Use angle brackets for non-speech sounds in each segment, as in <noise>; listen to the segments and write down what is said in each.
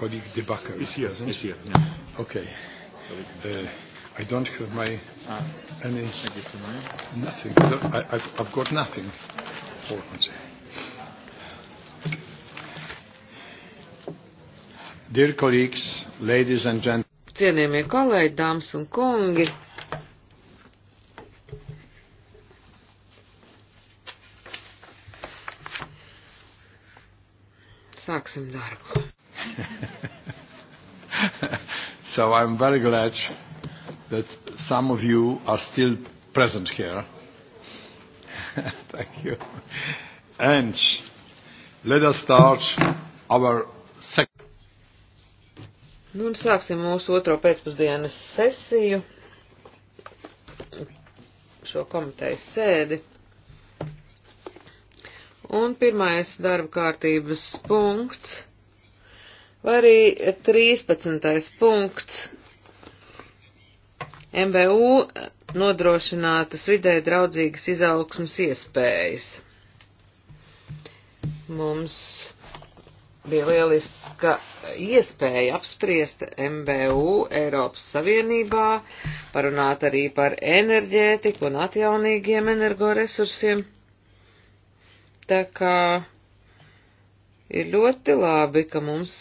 colleague De Backer. Is here, isn't Is here, yeah. Okay. Uh, I don't have my ah, any nothing. I, I've, I've got nothing. Hold on a second. Dear colleagues, ladies and gentlemen. Cienījamie kolēģi, dāmas un kungi. Sāksim darbu. <laughs> So I'm very glad that some of you are still present here. <laughs> Thank you. And let us start our second. Nu, un sāksim mūsu otro pēcpusdienas sesiju, šo komitejas sēdi. Un pirmais darba kārtības punkts Vai arī 13. punkts. MBU nodrošinātas vidē draudzīgas izaugsmas iespējas. Mums bija lieliska iespēja apspriest MBU Eiropas Savienībā, parunāt arī par enerģētiku un atjaunīgiem energoresursiem. Tā kā Ir ļoti labi, ka mums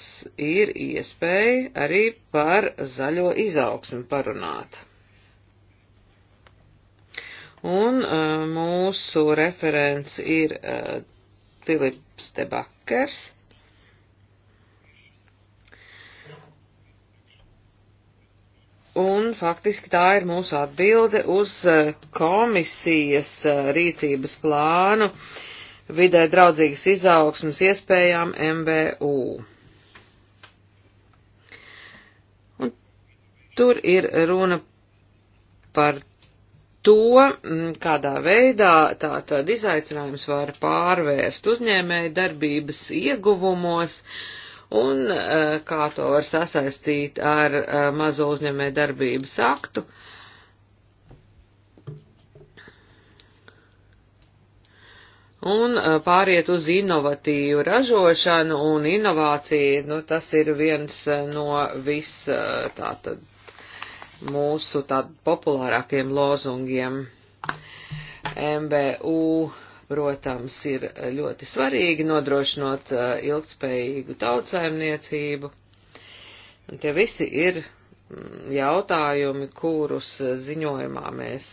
ir iespēja arī par zaļo izaugsmu parunāt. Un uh, mūsu referents ir uh, Filips Debakers. Un faktiski tā ir mūsu atbilde uz eh, komisijas rīcības plānu uh, vidē draudzīgas izaugsmas iespējām MVU. Un tur ir runa par to, mm, kādā veidā tātad izaicinājums var pārvērst uzņēmēju darbības ieguvumos un eh, kā to var sasaistīt ar eh, mazo uzņēmēju darbības aktu un eh, pāriet uz inovatīvu ražošanu un inovāciju, nu, tas ir viens eh, no vis eh, tātad mūsu tātad populārākiem lozungiem. MBU, protams, ir ļoti svarīgi nodrošinot ilgtspējīgu tautsēmniecību. Un tie visi ir mm, jautājumi, kurus ziņojumā mēs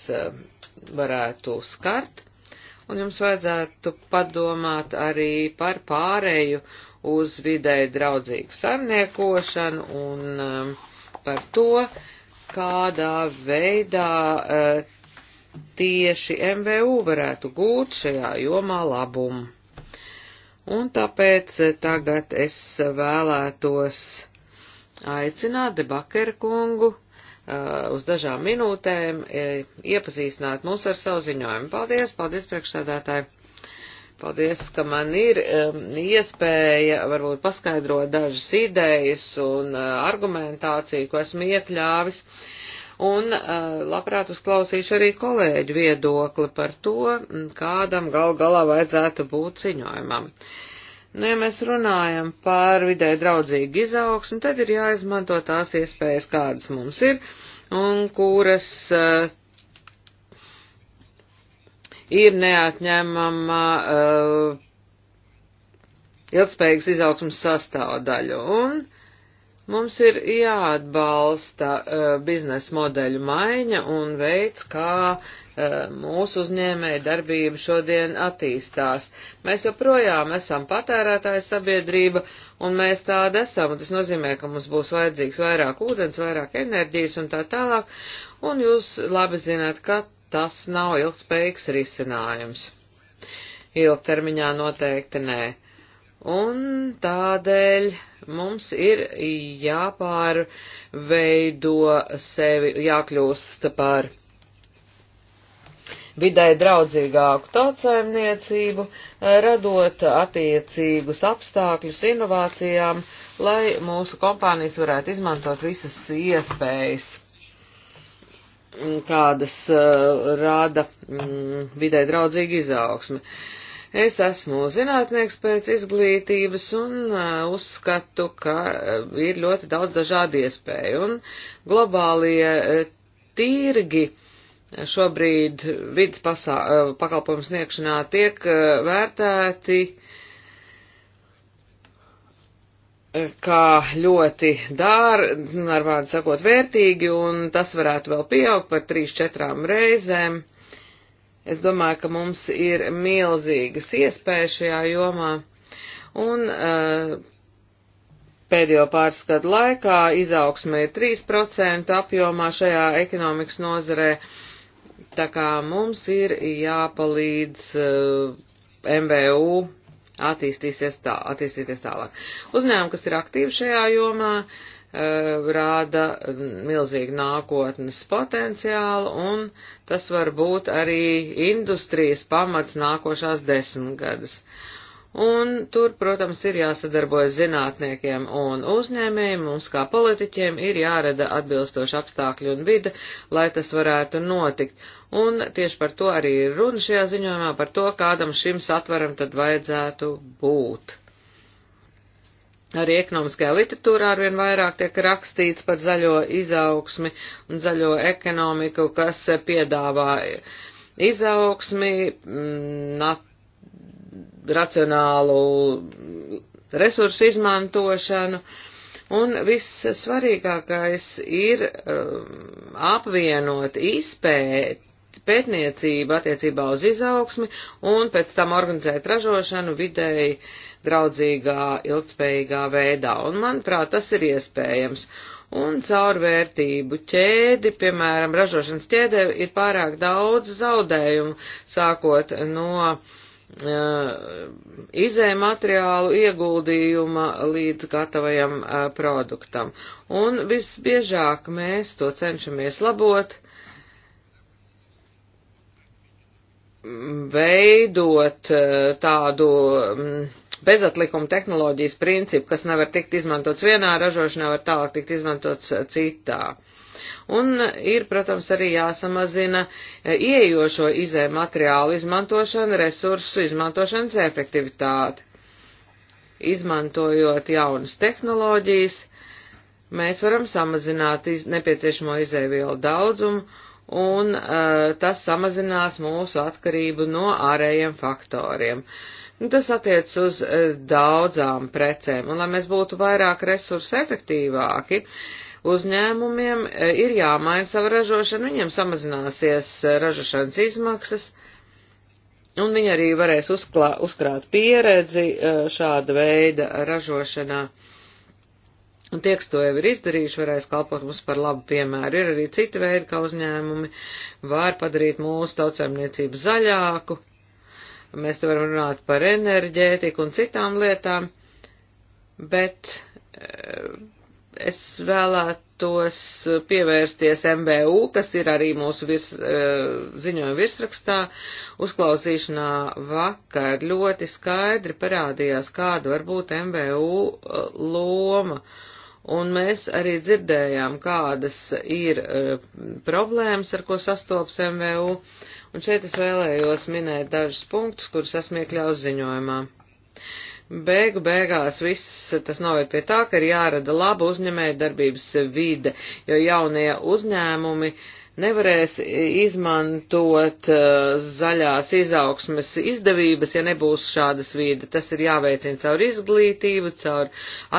varētu skart un jums vajadzētu padomāt arī par pārēju uz videi draudzīgu saimniekošanu un um, par to, kādā veidā uh, tieši MVU varētu gūt šajā jomā labumu. Un tāpēc uh, tagad es vēlētos aicināt debakera kungu Uh, uz dažām minūtēm e, iepazīstināt mūs ar savu ziņojumu. Paldies, paldies priekšsēdētāji. Paldies, ka man ir um, iespēja varbūt paskaidrot dažas idejas un uh, argumentāciju, ko esmu iekļāvis. Un uh, labprāt uzklausīšu arī kolēģu viedokli par to, kādam gal galā vajadzētu būt ziņojumam. Uh, Nu, ja mēs runājam par vidē draudzīgu izaugsmu, tad ir jāizmanto tās iespējas, kādas mums ir un kuras uh, ir neatņemama uh, ilgspējīgas izaugsmas sastāvdaļa. Un mums ir jāatbalsta uh, biznesa modeļu maiņa un veids, kā uh, mūsu uzņēmēja darbība šodien attīstās. Mēs joprojām esam patērētāja sabiedrība, un mēs tāda esam, un tas nozīmē, ka mums būs vajadzīgs vairāk ūdens, vairāk enerģijas un tā tālāk, un jūs labi zināt, ka tas nav ilgspējīgs risinājums. Ilgtermiņā noteikti nē. Un tādēļ mums ir jāpārveido sevi, jākļūst par vidē draudzīgāku tautsājumniecību, eh, radot attiecīgus apstākļus inovācijām, lai mūsu kompānijas varētu izmantot visas iespējas, mm, kādas eh, rāda mm, vidē draudzīga izaugsme. Es esmu zinātnieks pēc izglītības un uh, uzskatu, ka uh, ir ļoti daudz dažādu iespēju, un globālie uh, tirgi uh, šobrīd vidas pasā, eh, pakalpojumu sniegšanā tiek eh, vērtēti eh, kā ļoti dārgi, ar vārdu sakot, vērtīgi, un tas varētu vēl pieaugt par 3-4 reizēm. Es domāju, ka mums ir milzīgas iespējas šajā jomā, un pēdējo pāris gadu laikā izaugsme ir 3% apjomā šajā ekonomikas nozarē Tā kā mums ir jāpalīdz uh, eh, MVU attīstīties, tā, attīstīties tālāk. Uzņēmumi, kas ir aktīvi šajā jomā, uh, rāda milzīgu nākotnes potenciālu, un tas var būt arī industrijas pamats nākošās desmitgades. Uh, Un tur, protams, ir jāsadarbojas zinātniekiem un uzņēmējiem, mums kā politiķiem ir jārada atbilstoši apstākļi un vide, lai tas varētu notikt. Un tieši par to arī ir runa šajā ziņojumā, par to, kādam šim satvaram tad vajadzētu būt. Arī ekonomiskajā literatūrā arvien vairāk tiek rakstīts par zaļo izaugsmi un zaļo ekonomiku, kas piedāvā izaugsmi, mm, nat racionālu resursu izmantošanu. Un viss svarīgākais ir um, apvienot izpēt, pētniecību attiecībā uz izaugsmi un pēc tam organizēt ražošanu vidēji draudzīgā, ilgspējīgā veidā. Un, manuprāt, tas ir iespējams. Un caur vērtību ķēdi, piemēram, ražošanas ķēdē ir pārāk daudz zaudējumu, sākot no uh, Uh, izēja materiālu ieguldījuma līdz gatavajam uh, produktam. Un visbiežāk mēs to cenšamies labot, mm, veidot uh, tādu mm, bezatlikuma tehnoloģijas principu, kas nevar tikt izmantots vienā ražošanā, var tālāk tikt izmantots citā. Un ir, protams, arī jāsamazina e, ieejošo izē materiālu izmantošana, resursu izmantošanas efektivitāte. Izmantojot jaunas tehnoloģijas, mēs varam samazināt iz, nepieciešamo izēvielu daudzumu, un uh, tas samazinās mūsu atkarību no ārējiem faktoriem. Nu, tas attiec uz uh, daudzām precēm, un lai mēs būtu vairāk resursu efektīvāki, uh, uzņēmumiem e, ir jāmaina sava ražošana, viņiem samazināsies e, ražošanas izmaksas, un viņi arī varēs uzklā, uzkrāt pieredzi e, šāda veida ražošanā. Un tie, kas to jau ir izdarījuši, varēs kalpot mums par labu piemēru. Ir arī citi veidi, kā uzņēmumi var padarīt mūsu tautsēmniecību zaļāku. Mēs te varam runāt par enerģētiku un citām lietām, bet es vēlētos pievērsties MBU, kas ir arī mūsu virs, eh, ziņojuma virsrakstā. Uzklausīšanā vakar ļoti skaidri parādījās, kāda var būt MBU eh, loma. Un mēs arī dzirdējām, kādas ir eh, problēmas, ar ko sastopas MVU. Un šeit es vēlējos minēt dažus punktus, kurus esmu iekļaus ziņojumā. Uh, Beigu beigās viss tas noved pie tā, ka ir jārada laba uzņēmēja darbības vide, jo jaunie uzņēmumi nevarēs izmantot uh, zaļās izaugsmes izdevības, ja nebūs šādas vīde. Tas ir jāveicina caur izglītību, caur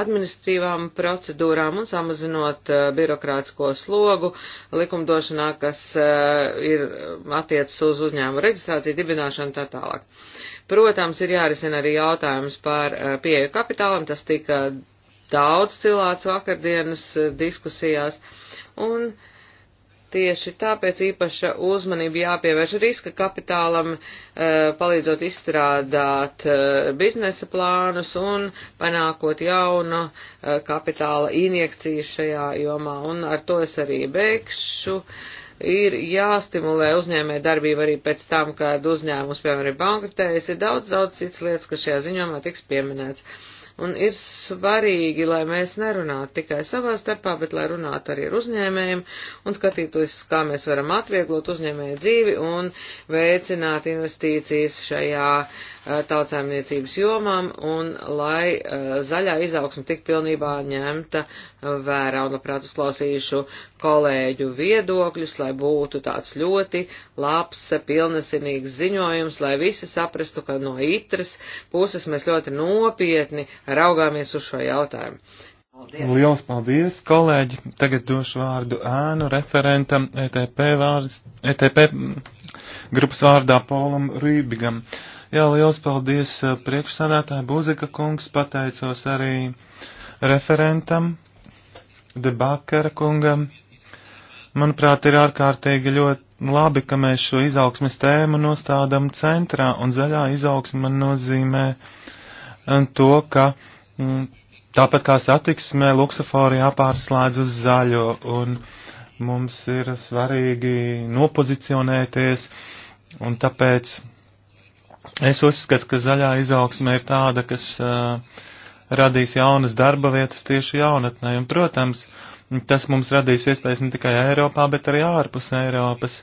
administrīvām procedūrām un samazinot uh, birokrātisko slogu likumdošanā, kas uh, ir attiecas uz uzņēmumu reģistrāciju, dibināšanu tā tālāk. Protams, ir jārisina arī jautājums par eh, pieeju kapitālam, tas tika daudz cilāts vakardienas eh, diskusijās, un tieši tāpēc īpaša uzmanība jāpievērš riska kapitālam, eh, palīdzot izstrādāt biznesa plānus un panākot jaunu kapitāla injekciju šajā jomā, un ar to es arī beigšu. Uh, ir jāstimulē uzņēmē darbība arī pēc tam, kad uzņēmums, piemēram, ir bankrotējis, ir daudz, daudz cits lietas, kas šajā ziņojumā tiks pieminēts. Un ir svarīgi, lai mēs nerunātu tikai savā starpā, bet lai runātu arī ar uzņēmējiem un skatītos, kā mēs varam atvieglot uzņēmēju dzīvi un veicināt investīcijas šajā tautsēmniecības jomām un lai zaļā izaugsme tik pilnībā ņemta vērā. Un labprāt uzklausīšu kolēģu viedokļus, lai būtu tāds ļoti labs, pilnesinīgs ziņojums, lai visi saprastu, ka no itras puses mēs ļoti nopietni raugāmies uz šo jautājumu. Paldies. Liels paldies, kolēģi! Tagad došu vārdu ēnu referentam ETP, vārds, ETP grupas vārdā Polam Rībigam. Jā, liels paldies eh, priekšsādātāja Buzika kungs, pateicos arī referentam, debakara kungam. Manuprāt, ir ārkārtīgi ļoti labi, ka mēs šo izaugsmes tēmu nostādam centrā, un zaļā izaugsme nozīmē uh, to, ka mm, tāpat kā satiksmē, luksofori jāpārslēdz uz zaļo, un mums ir svarīgi nopozicionēties, un tāpēc es uzskatu, ka zaļā izaugsme ir tāda, kas uh, radīs jaunas darba vietas tieši jaunatnē, un, protams, tas mums radīs iespējas ne tikai Eiropā, bet arī ārpus Eiropas.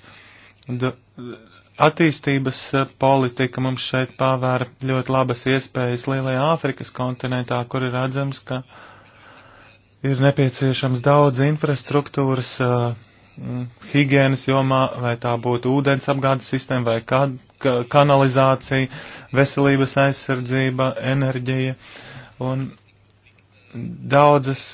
D Attīstības eh, politika mums šeit pavēra ļoti labas iespējas lielajā Āfrikas kontinentā, kur ir redzams, ka ir nepieciešams daudz infrastruktūras uh, higienas jomā, vai tā būtu ūdens apgādes sistēma, vai ka, ka, kanalizācija, veselības aizsardzība, enerģija un daudzas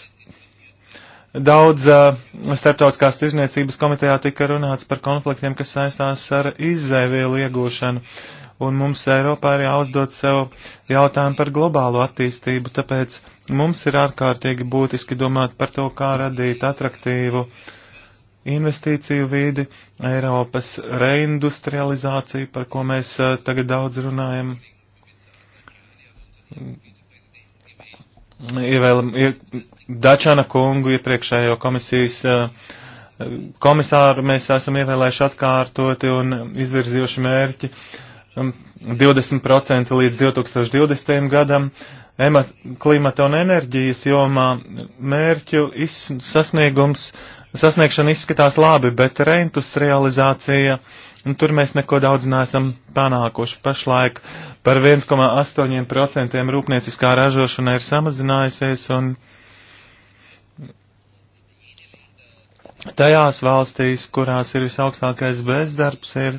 Daudz uh, starptautiskās tirzniecības komitejā tika runāts par konfliktiem, kas saistās ar izzēvielu iegūšanu, un mums Eiropā ir jāuzdod sev jautājumu par globālo attīstību, tāpēc mums ir ārkārtīgi būtiski domāt par to, kā radīt atraktīvu investīciju vīdi, Eiropas reindustrializāciju, par ko mēs uh, tagad daudz runājam ievēlam Dačana kungu iepriekšējo komisijas komisāru. Mēs esam ievēlējuši atkārtoti un izvirzījuši mērķi 20% um, līdz 2020. gadam klimata un enerģijas jomā mērķu iz, sasniegums, sasniegšana izskatās labi, bet reindustrializācija, tur mēs neko daudz neesam panākuši pašlaik. Uh, par 1,8% rūpnieciskā ražošana ir samazinājusies un tajās valstīs, kurās ir visaugstākais bezdarbs, ir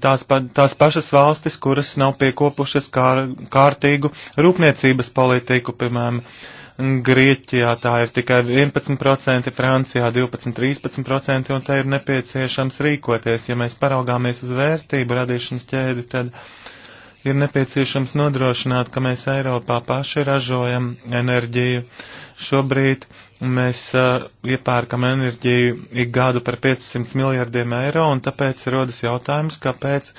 tās, pa, tās pašas valstis, kuras nav piekopušas kār, kārtīgu rūpniecības politiku, piemēram, Grieķijā tā ir tikai 11%, Francijā 12-13%, un te ir nepieciešams rīkoties. Ja mēs paraugāmies uz vērtību radīšanas ķēdi, tad ir nepieciešams nodrošināt, ka mēs Eiropā paši ražojam enerģiju. Šobrīd mēs uh, iepērkam enerģiju ik gadu par 500 miljardiem eiro, un tāpēc rodas jautājums, kāpēc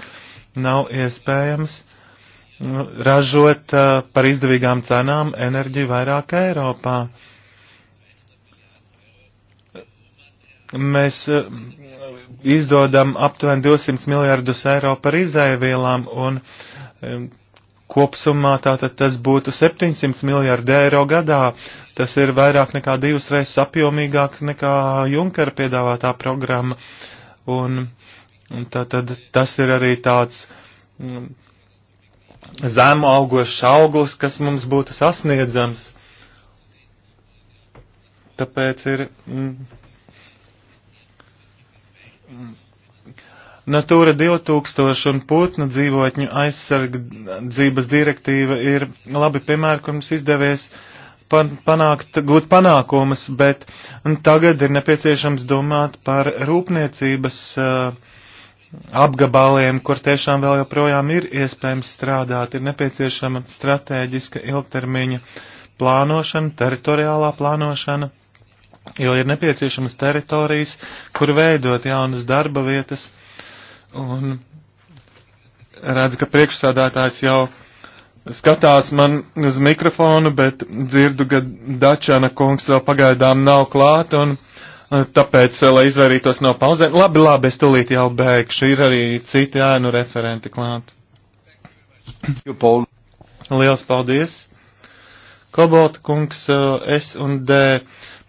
nav iespējams uh, ražot uh, par izdevīgām cenām enerģiju vairāk Eiropā. Mēs uh, izdodam aptuveni 200 miljardus eiro par izēvielām, un uh, Kopsumā tātad tas būtu 700 miljārdi eiro gadā. Tas ir vairāk nekā divas reizes apjomīgāk nekā Junkera piedāvātā programma. Un, un tātad tas ir arī tāds mm, zemu augošs auglis, kas mums būtu sasniedzams. Tāpēc ir mm, Natūra 2000 un putnu dzīvotņu aizsardzības direktīva ir labi piemēri, kur mums izdevies panākt, gūt panākumus, bet tagad ir nepieciešams domāt par rūpniecības uh, apgabaliem, kur tiešām vēl joprojām ir iespējams strādāt. Ir nepieciešama stratēģiska ilgtermiņa plānošana, teritoriālā plānošana, jo ir nepieciešamas teritorijas, kur veidot jaunas darba vietas Un redzu, ka priekšsādātājs jau skatās man uz mikrofonu, bet dzirdu, ka Dačana kungs vēl pagaidām nav klāt, un e, tāpēc, e, lai izvairītos no pauzēm, labi, labi, es tūlīt jau beigšu, ir arī citi ēnu referenti klāt. Liels paldies! Kobolta kungs e, S un D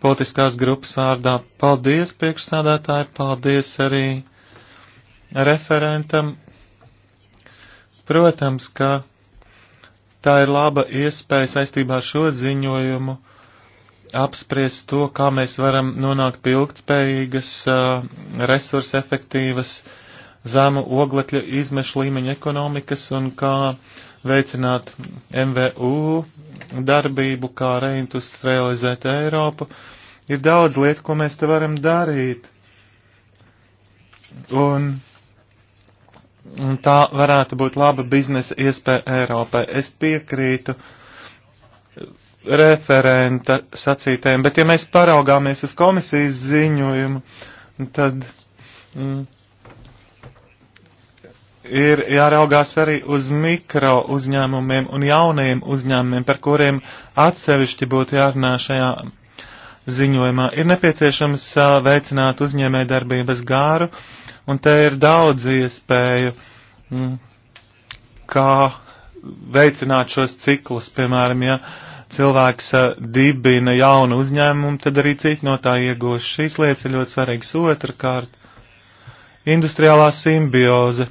politiskās grupas vārdā. Paldies, priekšsādātāji, paldies arī referentam. Protams, ka tā ir laba iespēja saistībā ar šo ziņojumu apspriest to, kā mēs varam nonākt pie ilgtspējīgas, uh, resursa efektīvas, zemu oglekļa izmešu līmeņa ekonomikas un kā veicināt MVU darbību, kā reindustrializēt Eiropu. Ir daudz lietu, ko mēs te varam darīt. Un Un tā varētu būt laba biznesa iespēja Eiropai. Es piekrītu referenta sacītēm, bet ja mēs paraugāmies uz komisijas ziņojumu, tad mm, ir jāraugās arī uz mikro uzņēmumiem un jaunajiem uzņēmumiem, par kuriem atsevišķi būtu jārunā šajā ziņojumā. Ir nepieciešams veicināt uzņēmē darbības gāru un te ir daudz iespēju, mm, kā veicināt šos ciklus, piemēram, ja cilvēks eh, dibina jaunu uzņēmumu, tad arī citi no tā iegūs. Šīs lietas ir ļoti svarīgas. Otrakārt, industriālā simbioze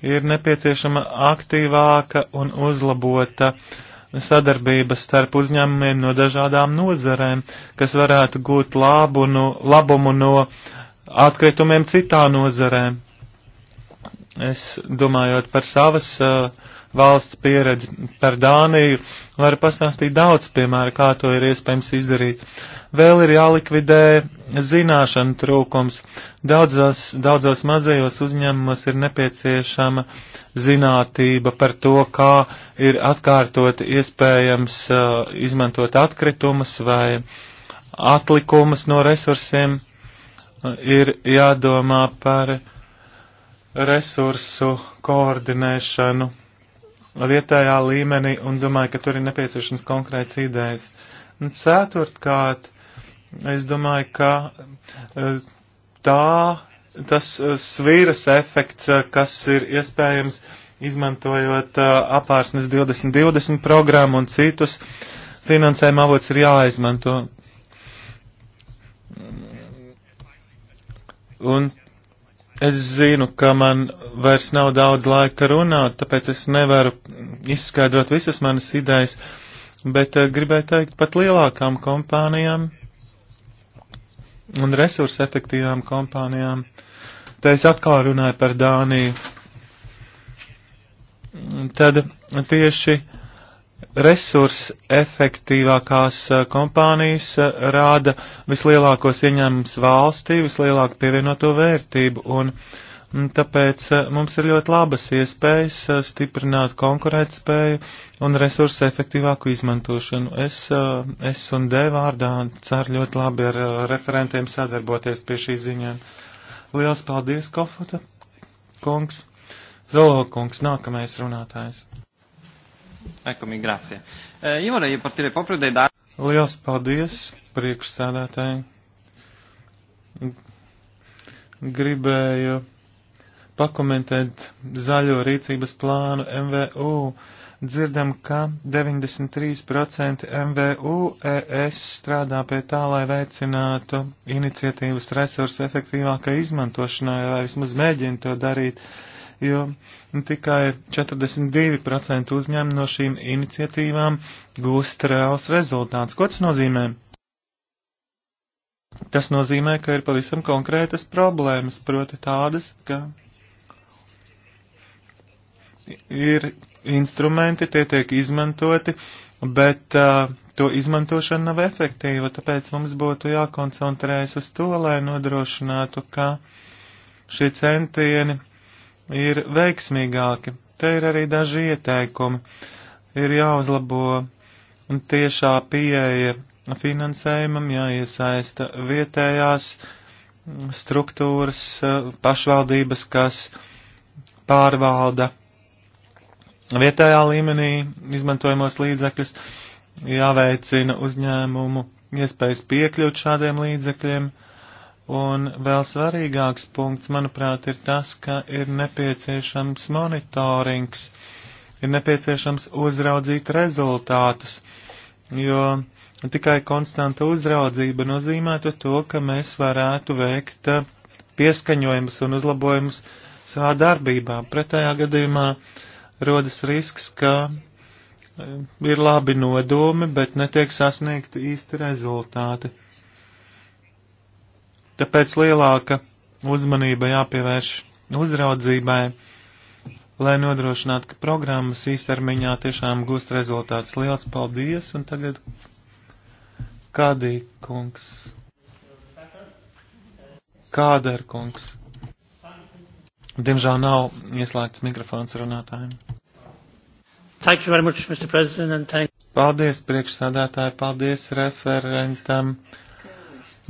ir nepieciešama aktīvāka un uzlabota sadarbība starp uzņēmumiem no dažādām nozarēm, kas varētu gūt labu no, nu, labumu no uh, atkritumiem citā nozarē. Es domājot par savas uh, valsts pieredzi par Dāniju, var pastāstīt daudz, piemēram, kā to ir iespējams izdarīt. Vēl ir jālikvidē zināšanu trūkums. Daudzos, daudzos mazajos uzņēmumos ir nepieciešama zinātība par to, kā ir atkārtot iespējams uh, izmantot atkritumus vai atlikumus no resursiem ir jādomā par resursu koordinēšanu vietējā līmenī un domāju, ka tur ir nepieciešams konkrēts idejas. Un ceturtkārt, es domāju, ka e, tā, tas e, svīras efekts, e, kas ir iespējams izmantojot apārsnes 2020 programmu un citus finansējuma avots ir jāizmanto. Un es zinu, ka man vairs nav daudz laika runāt, tāpēc es nevaru izskaidrot visas manas idejas, bet eh, gribēju teikt pat lielākām kompānijām un resursu efektīvām kompānijām. Te es atkal runāju par Dāniju. Tad tieši Resurs efektīvākās eh, kompānijas eh, rāda vislielākos ieņēmums valstī, vislielāku pievienoto vērtību, un mm, tāpēc eh, mums ir ļoti labas iespējas stiprināt konkurētspēju un resursu efektīvāku izmantošanu. Es, es un D vārdā ceru ļoti labi ar referentiem sadarboties pie šī ziņojuma. Liels paldies, Kofota kungs! Zolo kungs, nākamais runātājs. Ekomi, grācie. Eh, io vorrei partire proprio dai dati. Liels paldies, priekšsēdētāji. Gribēju pakomentēt zaļo rīcības plānu MVU. Dzirdam, ka 93% MVU ES strādā pie tā, lai veicinātu iniciatīvas resursu efektīvākai izmantošanai, vai vismaz mēģina to darīt. Uh, jo tikai 42% uzņēmumi no šīm iniciatīvām gūst reāls rezultāts. Ko tas nozīmē? Tas nozīmē, ka ir pavisam konkrētas problēmas, proti tādas, ka ir instrumenti, tie tiek izmantoti, bet uh, to izmantošana nav efektīva, tāpēc mums būtu jākoncentrējas uz to, lai nodrošinātu, ka šie centieni ir veiksmīgāki. Te ir arī daži ieteikumi. Ir jāuzlabo tiešā pieeja finansējumam, jāiesaista vietējās struktūras, pašvaldības, kas pārvalda vietējā līmenī izmantojamos līdzekļus, jāveicina uzņēmumu iespējas piekļūt šādiem līdzekļiem. Uh, Un vēl svarīgāks punkts, manuprāt, ir tas, ka ir nepieciešams monitorings, ir nepieciešams uzraudzīt rezultātus, jo tikai konstanta uzraudzība nozīmētu to, ka mēs varētu veikt pieskaņojumus un uzlabojumus savā darbībā. Pretējā gadījumā rodas risks, ka eh, ir labi nodomi, bet netiek sasniegti īsti rezultāti. Tāpēc lielāka uzmanība jāpievērš uzraudzībai, lai nodrošinātu, ka programmas īstermiņā tiešām gūst rezultāts. Liels paldies! Un tagad kādī kungs? Kāda ir kungs? Diemžēl nav ieslēgts mikrofons runātājiem. Thank you very much, Mr. President, and thank Paldies priekšsādātāji, paldies referentam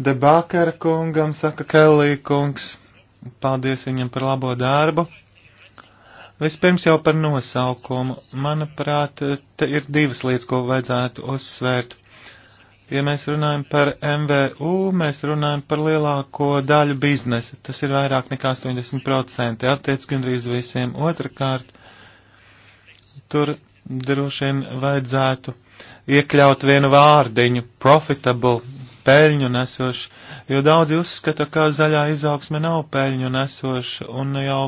Debakera kungam, saka Kellī kungs. Paldies viņam par labo darbu. Vispirms jau par nosaukumu. Manuprāt, te ir divas lietas, ko vajadzētu uzsvērt. Ja mēs runājam par MVU, mēs runājam par lielāko daļu biznesa. Tas ir vairāk nekā 80%, attiec gandrīz visiem. Otrakārt, tur droši vien vajadzētu iekļaut vienu vārdiņu - profitable, peļņu nesošs, jo daudzi uzskata, ka zaļā izaugsme nav peļņu nesoša, un jau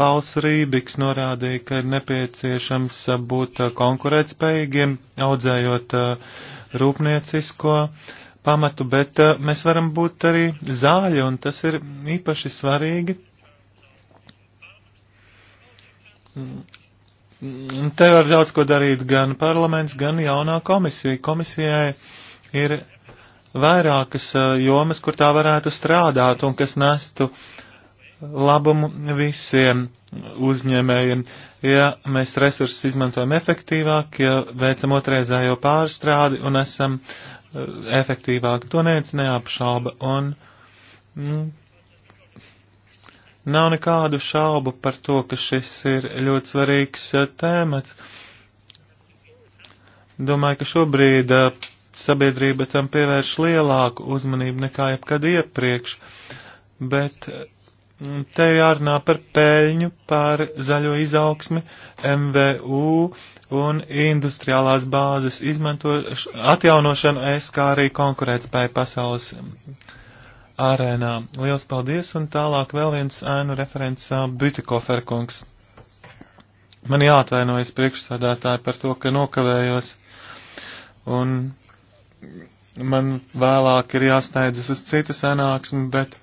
Pauls Rībiks norādīja, ka ir nepieciešams būt uh, konkurētspējīgiem, audzējot uh, rūpniecisko pamatu, bet uh, mēs varam būt arī zāļi, un tas ir īpaši svarīgi. Mm, te var daudz ko darīt gan parlaments, gan jaunā komisija. Komisijai ir vairākas eh, jomas, kur tā varētu strādāt un kas nestu labumu visiem uzņēmējiem. Ja mēs resursus izmantojam efektīvāk, ja veicam otrreizējo pārstrādi un esam eh, efektīvāki, to neviens neapšauba. Un, mm, nav nekādu šaubu par to, ka šis ir ļoti svarīgs eh, tēmats. Domāju, ka šobrīd sabiedrība tam pievērš lielāku uzmanību nekā jebkad iepriekš, bet mm, te ir jārunā par pēļņu, par zaļo izaugsmi, MVU un industriālās bāzes atjaunošanu, es kā arī konkurētspēju pasaules arēnā. Liels paldies un tālāk vēl viens ēnu referents Bütikoferkungs. Man jāatvainojas priekšsādātāji par to, ka nokavējos. Un man vēlāk ir jāsteidzas uz citu sanāksmi, bet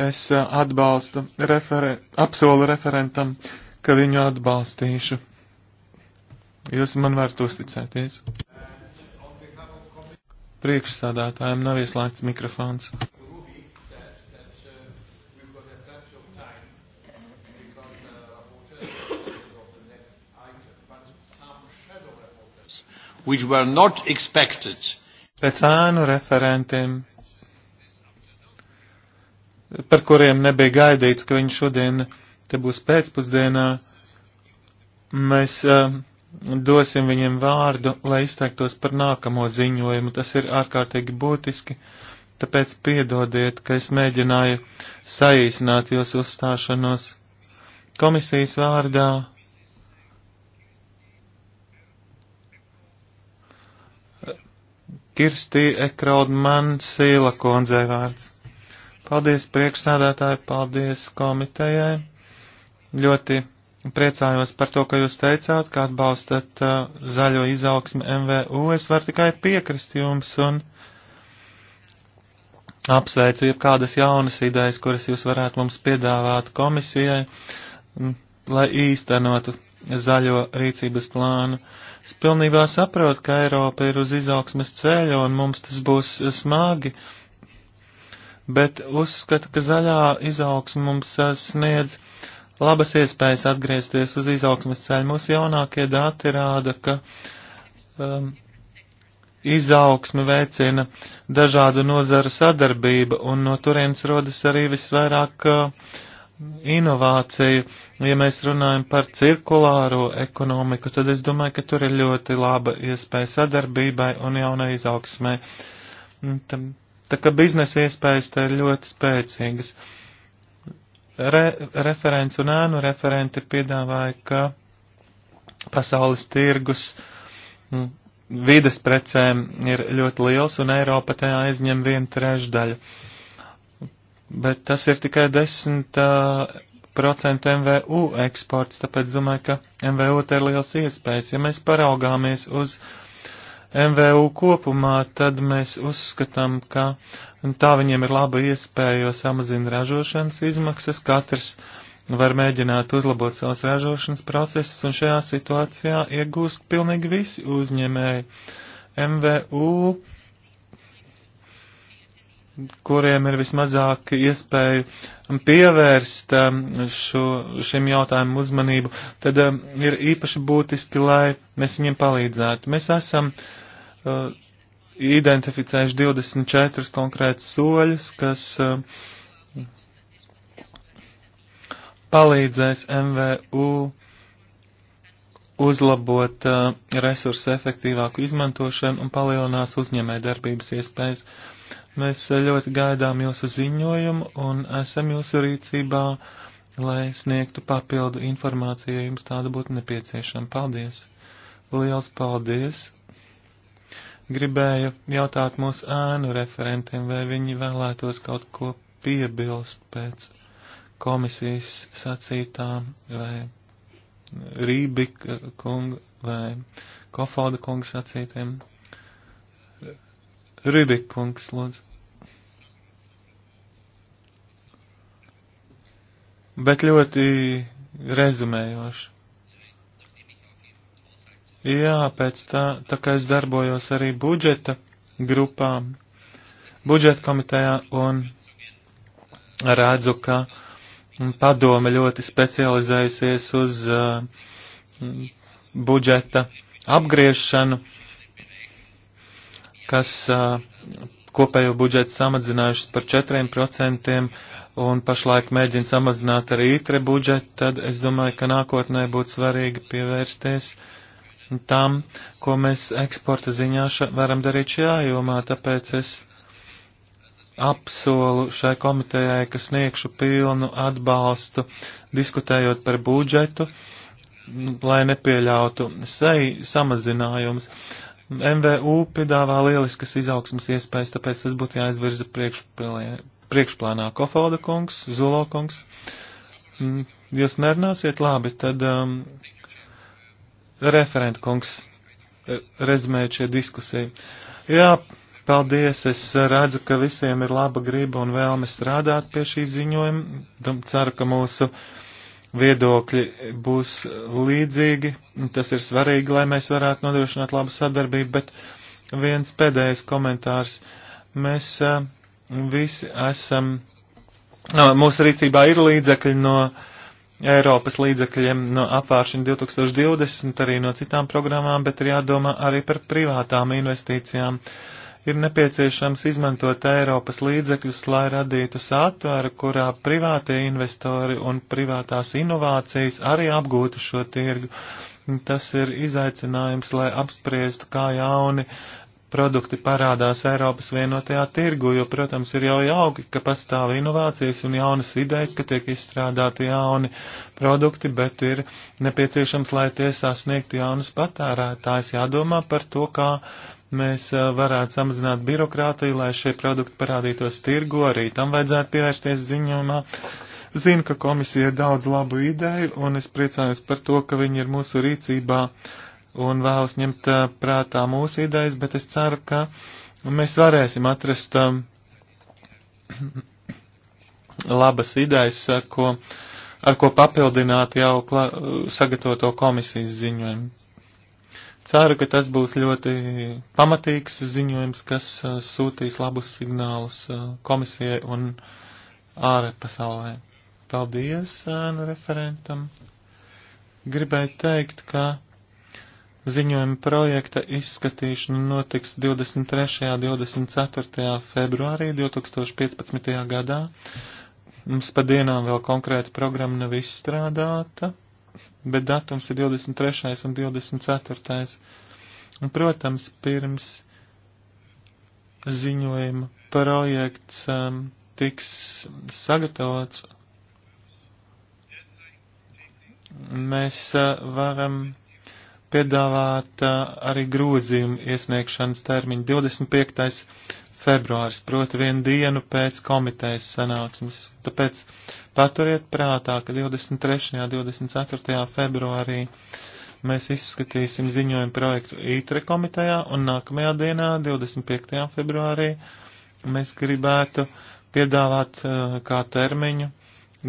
es eh, atbalstu, referen apsolu referentam, ka viņu atbalstīšu. Jūs man varat uzticēties. Priekšsādātājiem nav ieslēgts mikrofons. which were not expected pēc ēnu referentiem, par kuriem nebija gaidīts, ka viņi šodien te būs pēcpusdienā, mēs uh, dosim viņiem vārdu, lai izteiktos par nākamo ziņojumu. Tas ir ārkārtīgi būtiski, tāpēc piedodiet, ka es mēģināju saīsināt jūsu uzstāšanos komisijas vārdā Kirstī Ekraudman Sīla kundzei vārds. Paldies priekšsādātāji, paldies komitejai. Ļoti priecājos par to, ka jūs teicāt, ka atbalstat uh, zaļo izaugsmi MVU. Es varu tikai piekrist jums un apsveicu jebkādas jaunas idejas, kuras jūs varētu mums piedāvāt komisijai, m, lai īstenotu zaļo rīcības plānu. Es pilnībā saprotu, ka Eiropa ir uz izaugsmes ceļa un mums tas būs smagi, bet uzskatu, ka zaļā izaugsme mums eh, sniedz labas iespējas atgriezties uz izaugsmes ceļa. Mūsu jaunākie dati rāda, ka um, izaugsme veicina dažādu nozaru sadarbību un no turienes rodas arī visvairāk uh, inovāciju. Ja mēs runājam par cirkulāro ekonomiku, tad es domāju, ka tur ir ļoti laba iespēja sadarbībai un jaunai izaugsmē. Tā, tā kā biznesa iespējas te ir ļoti spēcīgas. Re, referents un ēnu referenti piedāvāja, ka pasaules tirgus mm, vides precēm ir ļoti liels un Eiropa tajā aizņem vienu trešdaļu. Uh, bet tas ir tikai 10% MVU eksports, tāpēc domāju, ka MVU te ir liels iespējas. Ja mēs paraugāmies uz MVU kopumā, tad mēs uzskatām, ka tā viņiem ir laba iespēja, jo samazina ražošanas izmaksas, katrs var mēģināt uzlabot savus ražošanas procesus, un šajā situācijā iegūst pilnīgi visi uzņēmēji. MVU kuriem ir vismazāk iespēju pievērst um, šo, šim jautājumu uzmanību, tad um, ir īpaši būtiski, lai mēs viņiem palīdzētu. Mēs esam uh, identificējuši 24 konkrētas soļus, kas uh, palīdzēs MVU uzlabot uh, resursu efektīvāku izmantošanu un palielinās uzņēmē darbības iespējas. Mēs uh, ļoti gaidām jūsu ziņojumu un esam jūsu rīcībā, lai sniegtu papildu informāciju, ja jums tāda būtu nepieciešama. Paldies! Liels paldies! Gribēju jautāt mūsu ēnu referentiem, vai viņi vēlētos kaut ko piebilst pēc komisijas sacītām vai Rībika kunga vai Kofoda kunga sacītiem. Rībika kungs, lūdzu. Bet ļoti rezumējoši. Jā, pēc tā, tā kā es darbojos arī budžeta grupām, budžeta komitejā un redzu, ka padome ļoti specializējusies uz uh, budžeta apgriešanu, kas uh, kopējo budžetu samazinājušas par 4% un pašlaik mēģina samazināt arī itre budžetu, tad es domāju, ka nākotnē būtu svarīgi pievērsties tam, ko mēs eksporta ziņā varam darīt šajā jomā, tāpēc es apsolu šai komitejai, ka sniegšu pilnu atbalstu diskutējot par budžetu, lai nepieļautu sei samazinājumus. MVU piedāvā lieliskas izaugsmas iespējas, tāpēc tas būtu jāizvirza priekšplānā Kofolda kungs, Zulo kungs. Mm, jūs nerunāsiet labi, tad um, referenta kungs rezumēt šie diskusiju. Jā, Paldies, es redzu, ka visiem ir laba griba un vēlme strādāt pie šī ziņojuma. Ceru, ka mūsu viedokļi būs līdzīgi. Tas ir svarīgi, lai mēs varētu nodrošināt labu sadarbību, bet viens pēdējais komentārs. Mēs visi esam, mūsu rīcībā ir līdzekļi no Eiropas līdzekļiem, no apvāršana 2020, arī no citām programmām, bet ir jādomā arī par privātām investīcijām. Uh, ir nepieciešams izmantot Eiropas līdzekļus, lai radītu satvaru, kurā privātie investori un privātās inovācijas arī apgūtu šo tirgu. Tas ir izaicinājums, lai apspriestu, kā jauni produkti parādās Eiropas vienotajā tirgu, jo, protams, ir jau jauki, ka pastāv inovācijas un jaunas idejas, ka tiek izstrādāti jauni produkti, bet ir nepieciešams, lai tie sasniegtu jaunus patērētājs. Jādomā par to, kā mēs varētu samazināt birokrātiju, lai šie produkti parādītos tirgu, arī tam vajadzētu pievērsties ziņojumā. Zinu, ka komisija ir daudz labu ideju, un es priecājos par to, ka viņi ir mūsu rīcībā un vēlas ņemt prātā mūsu idejas, bet es ceru, ka mēs varēsim atrast um, <clears throat> labas idejas, ko, ar ko papildināt jau sagatavoto komisijas ziņojumu. Ceru, ka tas būs ļoti pamatīgs ziņojums, kas uh, sūtīs labus signālus uh, komisijai un ārpasaulē. Paldies ēnu referentam. Gribēju teikt, ka ziņojuma projekta izskatīšana notiks 23. un 24. februārī 2015. gadā. Mums pa dienām vēl konkrēta programma nav izstrādāta bet datums ir 23. un 24. Un, protams, pirms ziņojuma projekts um, tiks sagatavots, mēs uh, varam piedāvāt uh, arī grozījumu iesniegšanas termiņu 25 februāris, proti vienu dienu pēc komitejas sanāksmes. Tāpēc paturiet prātā, ka 23. un 24. februārī mēs izskatīsim ziņojumu projektu ITRE komitejā, un nākamajā dienā, 25. februārī, mēs gribētu piedāvāt uh, kā termiņu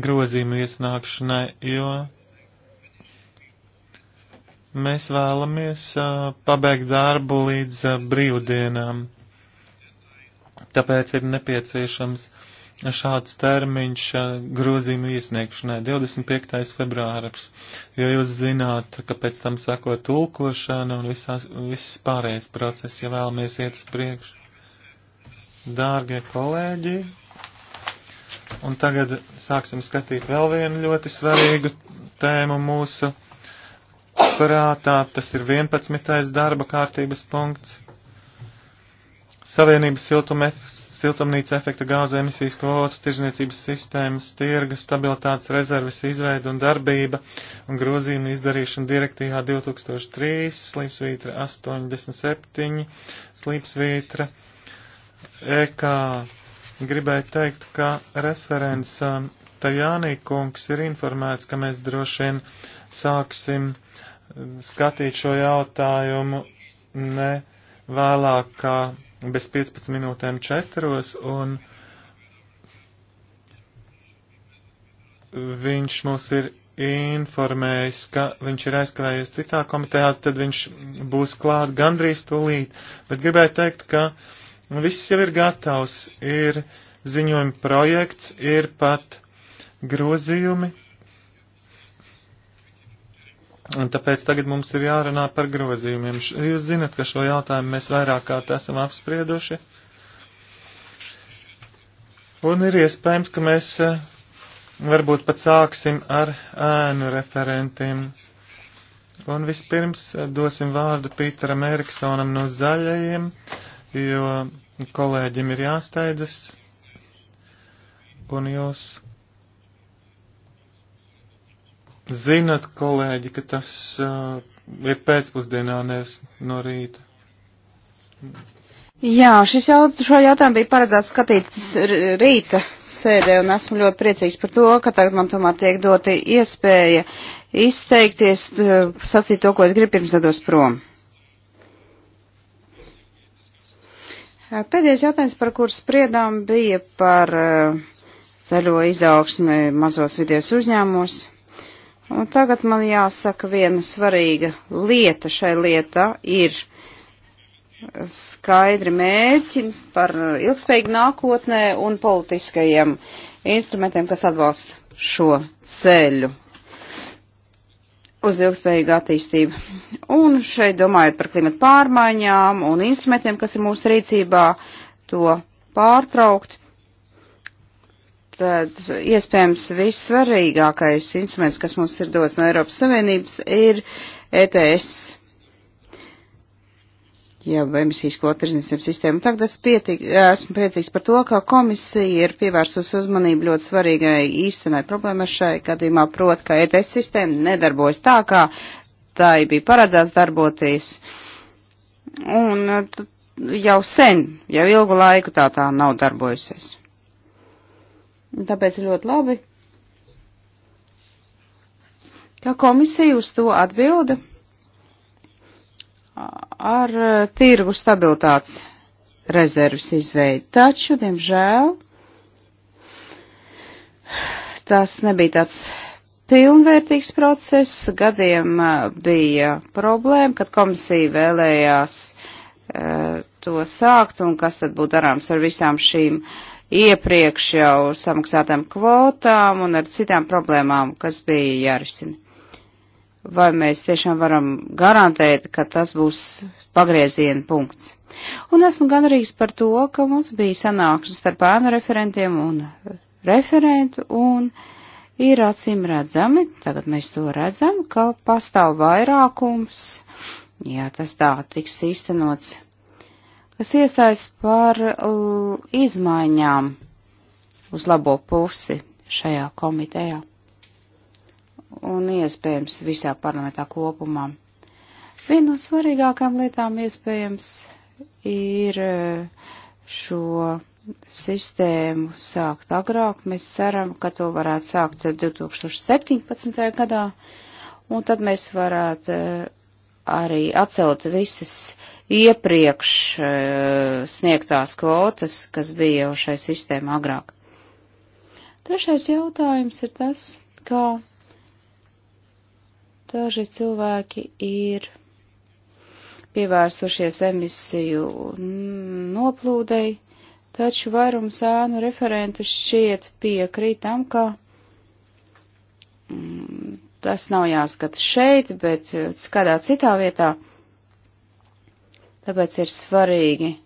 grozījumu iesnākšanai, jo mēs vēlamies uh, pabeigt darbu līdz uh, brīvdienām. Tāpēc ir nepieciešams šāds termiņš eh, grozījumu iesniegšanai 25. februārs, jo jūs zināt, ka pēc tam sako tulkošana un visās, viss pārējais process, ja vēlamies iet uz priekšu. Dārgie kolēģi, un tagad sāksim skatīt vēl vienu ļoti svarīgu tēmu mūsu prātā. Tas ir 11. darba kārtības punkts Savienības siltuma, siltumnīca efekta gāzu emisijas kvotu, tirzniecības sistēmas, tirga, stabilitātes rezerves izveida un darbība un grozījuma izdarīšana direktīvā 2003, slīpsvītra 87, slīpsvītra EK. Gribēju teikt, ka referents um, Tajānī kungs ir informēts, ka mēs droši vien sāksim um, skatīt šo jautājumu ne vēlāk kā bez 15 minūtēm 4. un viņš mūs ir informējis, ka viņš ir aizkavējies citā komitejā, tad viņš būs klāt gandrīz tūlīt. Bet gribēju teikt, ka viss jau ir gatavs, ir ziņojuma projekts, ir pat grozījumi Un tāpēc tagad mums ir jārunā par grozījumiem. Jūs zinat, ka šo jautājumu mēs vairāk kārt esam apsprieduši. Un ir iespējams, ka mēs eh, varbūt pat sāksim ar ēnu referentiem. Un vispirms eh, dosim vārdu Pīteram Eriksonam no zaļajiem, jo kolēģim ir jāsteidzas. Un jūs Zinat, kolēģi, ka tas uh, ir pēcpusdienā, nevis no rīta. Jā, šis jaut, šo jautājumu bija paredzēts skatīt rīta sēdē, un esmu ļoti priecīgs par to, ka tagad man tomēr tiek doti iespēja izteikties, sacīt to, ko es gribu pirms dodos prom. Pēdējais jautājums, par kur spriedām, bija par zaļo izaugsmi mazos vidējos uzņēmumos. Un tagad man jāsaka viena svarīga lieta šai lietā ir skaidri mērķi par ilgspējīgu nākotnē un politiskajiem instrumentiem, kas atbalsta šo ceļu uz ilgspējīgu attīstību. Un šeit domājot par klimatu pārmaiņām un instrumentiem, kas ir mūsu rīcībā, to pārtraukt Tad iespējams vissvarīgākais instruments, kas mums ir dots no Eiropas Savienības, ir ETS. Jā, emisijas kvotirzniecības sistēma. Tagad es pietik, esmu priecīgs par to, ka komisija ir pievērsus uzmanību ļoti svarīgai īstenai problēmai šai gadījumā, proti, ka ETS sistēma nedarbojas tā, kā tā bija paredzēts darboties. Un jau sen, jau ilgu laiku tā tā nav darbojusies. Tāpēc ļoti labi, ka komisija uz to atbilda ar eh, tirgu stabilitātes rezerves izveidi. Taču, diemžēl, tas nebija tāds pilnvērtīgs process. Gadiem eh, bija problēma, kad komisija vēlējās uh, to sākt un kas tad būtu darāms ar visām šīm uh, iepriekš jau samaksātām kvotām un ar citām problēmām, kas bija jārisina. Vai mēs tiešām varam garantēt, ka tas būs pagrieziena punkts? Un esmu gandarīgs par to, ka mums bija sanāksme starp ēnu referentiem un referentu, un ir acīm redzami, tagad mēs to redzam, ka pastāv vairākums, ja tas tā tiks īstenots kas iestājas par izmaiņām uz labo pusi šajā komitejā un iespējams visā parlamentā kopumā. Viena no svarīgākām lietām iespējams ir e, šo sistēmu sākt agrāk. Mēs ceram, ka to varētu sākt 2017. E, gadā, un tad mēs varētu e, arī atcelt visas iepriekš e, sniegtās kvotas, kas bija jau šai sistēmā agrāk. Trešais jautājums ir tas, kā daži cilvēki ir pievērsušies emisiju noplūdei, taču vairums ēnu referentu šķiet piekrītam, ka tas nav jāskata šeit, bet eh, kādā citā vietā. Tāpēc ir svarīgi eh,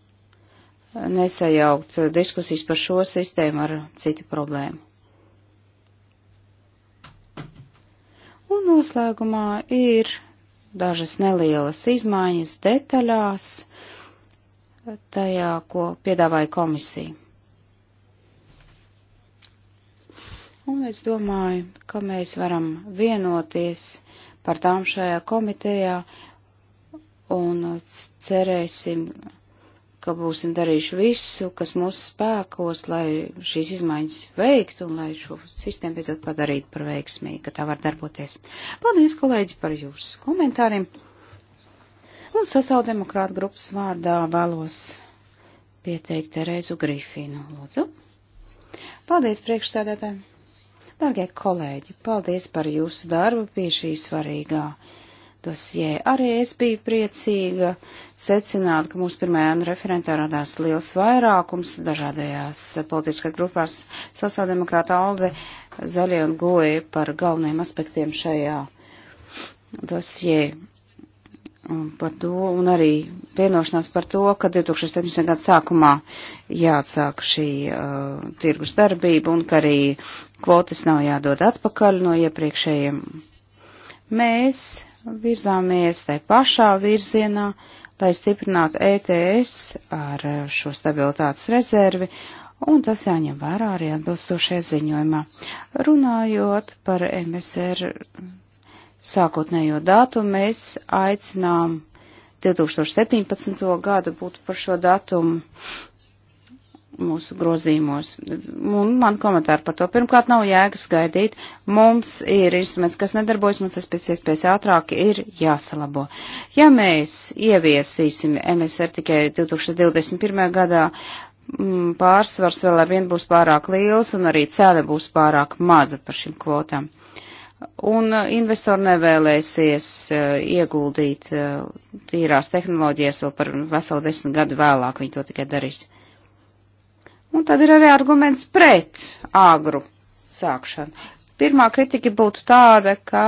nesajaukt diskusijas par šo sistēmu ar citu problēmu. Un noslēgumā ir dažas nelielas izmaiņas detaļās tajā, ko piedāvāja komisija. Un es domāju, ka mēs varam vienoties par tām šajā komitejā un cerēsim, ka būsim darījuši visu, kas mūsu spēkos, lai šīs izmaiņas veiktu un lai šo sistēmu beidzot padarītu par veiksmīgu, ka tā var darboties. Paldies, kolēģi, par jūsu komentāriem. Un sociāldemokrāta grupas vārdā vēlos pieteikt Terezu Grifinu. Lūdzu. Paldies, priekšstādātāji! Dargie kolēģi, paldies par jūsu darbu pie šī svarīgā dosjē. Arī es biju priecīga secināt, ka mūsu pirmajā referentā radās liels vairākums dažādajās politiskajās grupās sociāldemokrāta Alde, Zaļie un Goji par galvenajiem aspektiem šajā dosjē par to, un arī vienošanās par to, ka 2017. gada sākumā jāatsāk šī uh, tirgus darbība un ka arī kvotas nav jādod atpakaļ no iepriekšējiem. Mēs virzāmies tai pašā virzienā, lai stiprinātu ETS ar šo stabilitātes rezervi, un tas jāņem vērā arī atbilstošajā ziņojumā. Runājot par MSR sākotnējo datumu, mēs aicinām 2017. gadu būt par šo datumu mūsu grozīmos. Un man komentāri par to. Pirmkārt, nav jēgas gaidīt. Mums ir instruments, kas nedarbojas, mums tas pēc iespējas ātrāk ir jāsalabo. Ja mēs ieviesīsim MSR tikai 2021. gadā, mm, pārsvars vēl ar vien būs pārāk liels un arī cēle būs pārāk maza par šīm kvotām un uh, investori nevēlēsies uh, ieguldīt uh, tīrās tehnoloģijas vēl par veselu desmit gadu vēlāk, viņi to tikai darīs. Un tad ir arī arguments pret āgru sākšanu. Pirmā kritika būtu tāda, ka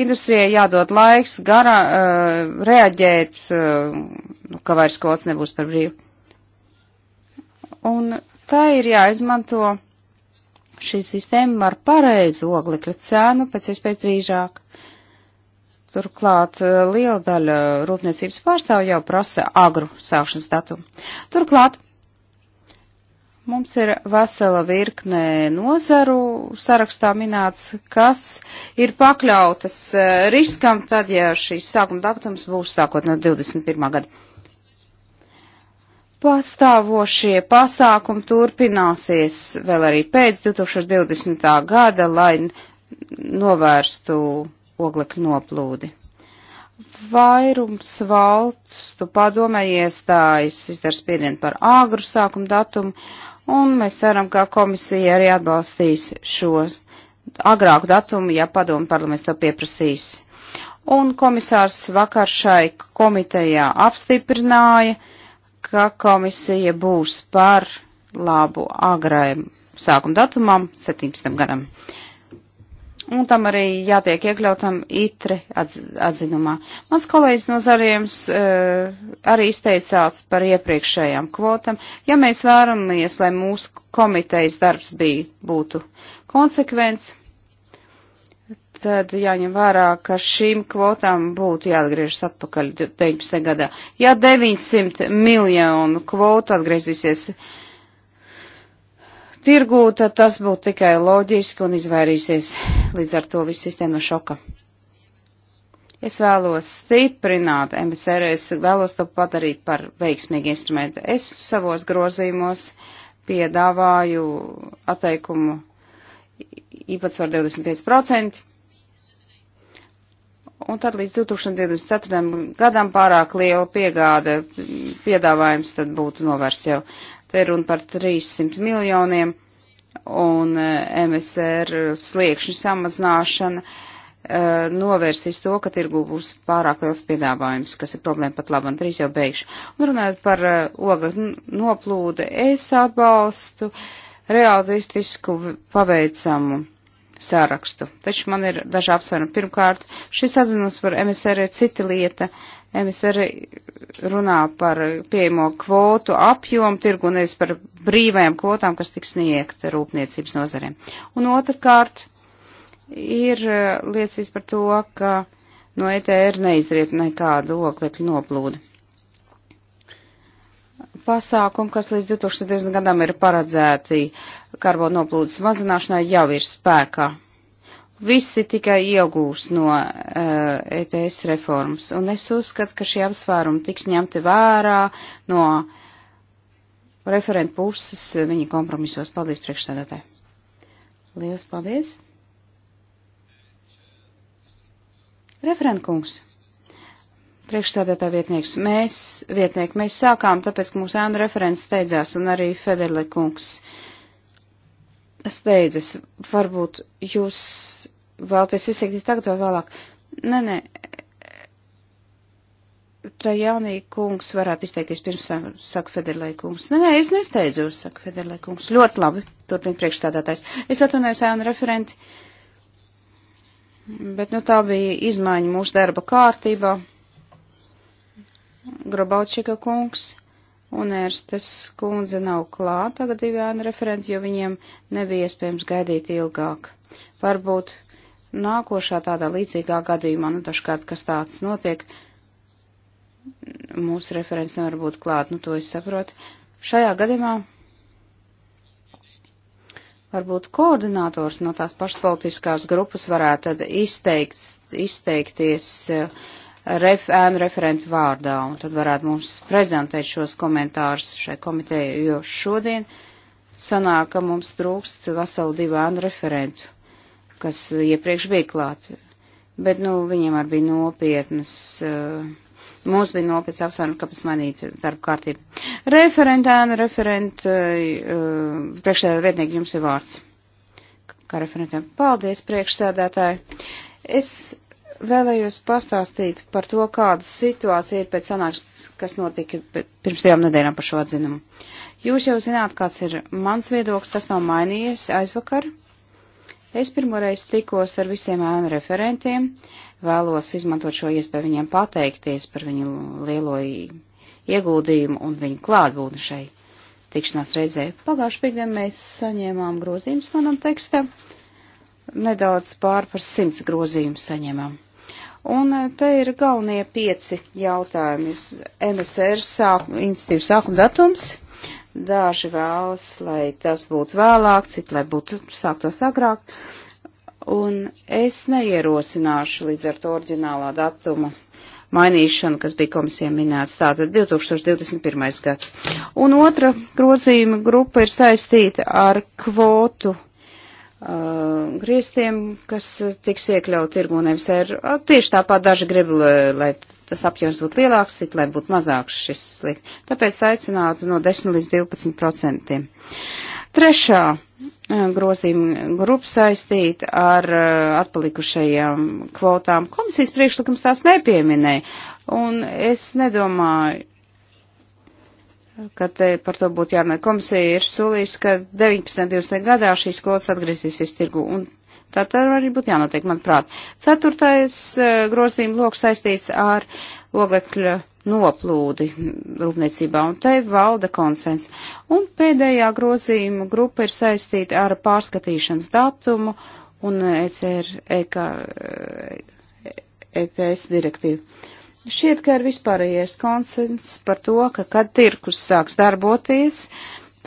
industrijai jādod laiks gara, uh, reaģēt, uh, nu, ka vairs kvots nebūs par brīvu. Un tā ir jāizmanto. Ja, šī sistēma ar pareizu oglekļa cenu pēc iespējas drīzāk. Turklāt eh, liela daļa rūpniecības pārstāvja jau prasa agru sākšanas datumu. Turklāt mums ir vesela virkne nozaru sarakstā minēts, kas ir pakļautas eh, riskam tad, ja šīs sākuma datums būs sākot no 21. gada pastāvošie pasākumi turpināsies vēl arī pēc 2020. gada, lai novērstu oglekļu noplūdi. Vairums valstu padomē iestājas izdara spiedienu par āgru sākumu datumu, un mēs ceram, ka komisija arī atbalstīs šo agrāku datumu, ja padomu parlaments to pieprasīs. Un komisārs vakar šai komitejā apstiprināja, uh, ka komisija būs par labu agrajam sākuma datumam, 17. gadam. Un tam arī jātiek iekļautam itri atz atzinumā. Mans kolēģis no Zariems uh, arī izteicās par iepriekšējām kvotam. Ja mēs vēramies, lai mūsu komitejas darbs bija, būtu konsekvents, tad jāņem vērā, ka šīm kvotām būtu jāatgriežas atpakaļ 19. gadā. Ja 900 miljonu kvotu atgriezīsies tirgū, tad tas būtu tikai loģiski un izvairīsies līdz ar to visu sistēmu šoka. Es vēlos stiprināt MSR, es vēlos to padarīt par veiksmīgu instrumentu. Es savos grozījumos piedāvāju atteikumu īpatsvaru 25%, Un tad līdz 2024. gadam pārāk liela piegāde piedāvājums tad būtu novērsts jau. Te ir runa par 300 miljoniem un eh, MSR sliekšņu samazināšana uh, novērsīs to, ka tirgu būs pārāk liels piedāvājums, kas ir problēma pat labam, trīs jau beigšu. Un runājot par uh, eh, ogas noplūde, es atbalstu realistisku paveicamu sārakstu. Taču man ir daži apsvērumi. Pirmkārt, šis atzinums par MSR ir cita lieta. MSR runā par pieejamo kvotu apjomu tirgu, nevis par brīvajām kvotām, kas tiks sniegta rūpniecības nozarēm. Un otrkārt, ir e, liecīs par to, ka no ETR neizriet nekādu oglekļu noplūdu pasākumi, kas līdz 2020 gadam ir paredzēti karbon noplūdes mazināšanai, jau ir spēkā. Visi tikai iegūs no uh, eh, ETS reformas, un es uzskatu, ka šie apsvērumi tiks ņemti vērā no referentu puses viņa kompromisos. Paldies priekšsēdētāji. Lielas paldies. Referentkungs. kungs. Priekšsēdētā vietnieks, mēs, vietnieki, mēs sākām, tāpēc, ka mūsu ēnu referents steidzās un arī Federle kungs steidzas. Varbūt jūs vēlaties izteikties tagad vai vēlāk. Nē, nē, tā jaunī kungs varētu izteikties pirms saka Federlai kungs. Nē, nē, es nesteidzos, saka Federlai kungs. Ļoti labi, turpin priekšstādātais. Es atvainojos ēnu referenti, bet nu tā bija izmaiņa mūsu darba kārtībā. Grobaučika kungs un Ērstes kundze nav klāt tagad divāni referenti, jo viņiem nebija iespējams gaidīt ilgāk. Varbūt nākošā tādā līdzīgā gadījumā, nu taškārt, kas tāds notiek, mūsu referents nevar būt klāt, nu to es saprotu. Šajā gadījumā varbūt koordinators no tās pašas politiskās grupas varētu tad izteikt, izteikties. Uh, ref, ēnu referentu vārdā, un tad varētu mums prezentēt šos komentārus šai komitejai, jo šodien sanāk, ka mums trūkst veselu divu ēnu referentu, kas iepriekš bija klāt, bet, nu, viņiem arī bija nopietnas. Uh, Mums bija nopietns apsvērums, kāpēc mainīt darba kārtību. Referentēna, referent, uh, eh, priekšsēdētāja vietnieki, jums ir vārds. Kā referentēm, paldies priekšsēdētāji. Es vēlējos pastāstīt par to, kāda situācija ir pēc sanāks, kas notika pirms divām nedēļām par šo atzinumu. Jūs jau zināt, kāds ir mans viedoklis, tas nav mainījies aizvakar. Es pirmoreiz tikos ar visiem ēnu referentiem, vēlos izmantot šo iespēju viņiem pateikties par viņu lielo ieguldījumu un viņu klātbūtni šai tikšanās reizē. Pagājušajā piekdienā mēs saņēmām grozījumus manam tekstam nedaudz pār par simts grozījumu saņemam. Un eh, te ir galvenie pieci jautājumi. MSR sāk, institīvas sākuma datums. Daži vēlas, lai tas būtu vēlāk, citi, lai būtu sāktos agrāk. Un es neierosināšu līdz ar to oriģinālā datuma mainīšanu, kas bija komisijā minēts, tātad 2021. gads. Un otra grozījuma grupa ir saistīta ar kvotu uh, griestiem, kas tiks iekļaut tirgu nevis ar. Tieši tāpat daži grib, lai tas apjoms būtu lielāks, citi, lai būtu mazāks šis slikt. Tāpēc aicinātu no 10 līdz 12 procentiem. Trešā grozījuma grupa saistīta ar atpalikušajām kvotām. Komisijas priekšlikums tās nepieminēja, un es nedomāju, ka te par to būtu jārunā. Komisija ir solījusi, ka 19. 20. gadā šīs kvotas atgriezīsies tirgu, un tā tā arī būtu jānotiek, manuprāt. Ceturtais eh, grozījuma loks saistīts ar oglekļa noplūdi rūpniecībā, un te valda konsens. Un pēdējā grozījuma grupa ir saistīta ar pārskatīšanas datumu un ECR, EK, ETS direktīvu. Šķiet, ka ir vispārējais konsens par to, ka kad tirkus sāks darboties,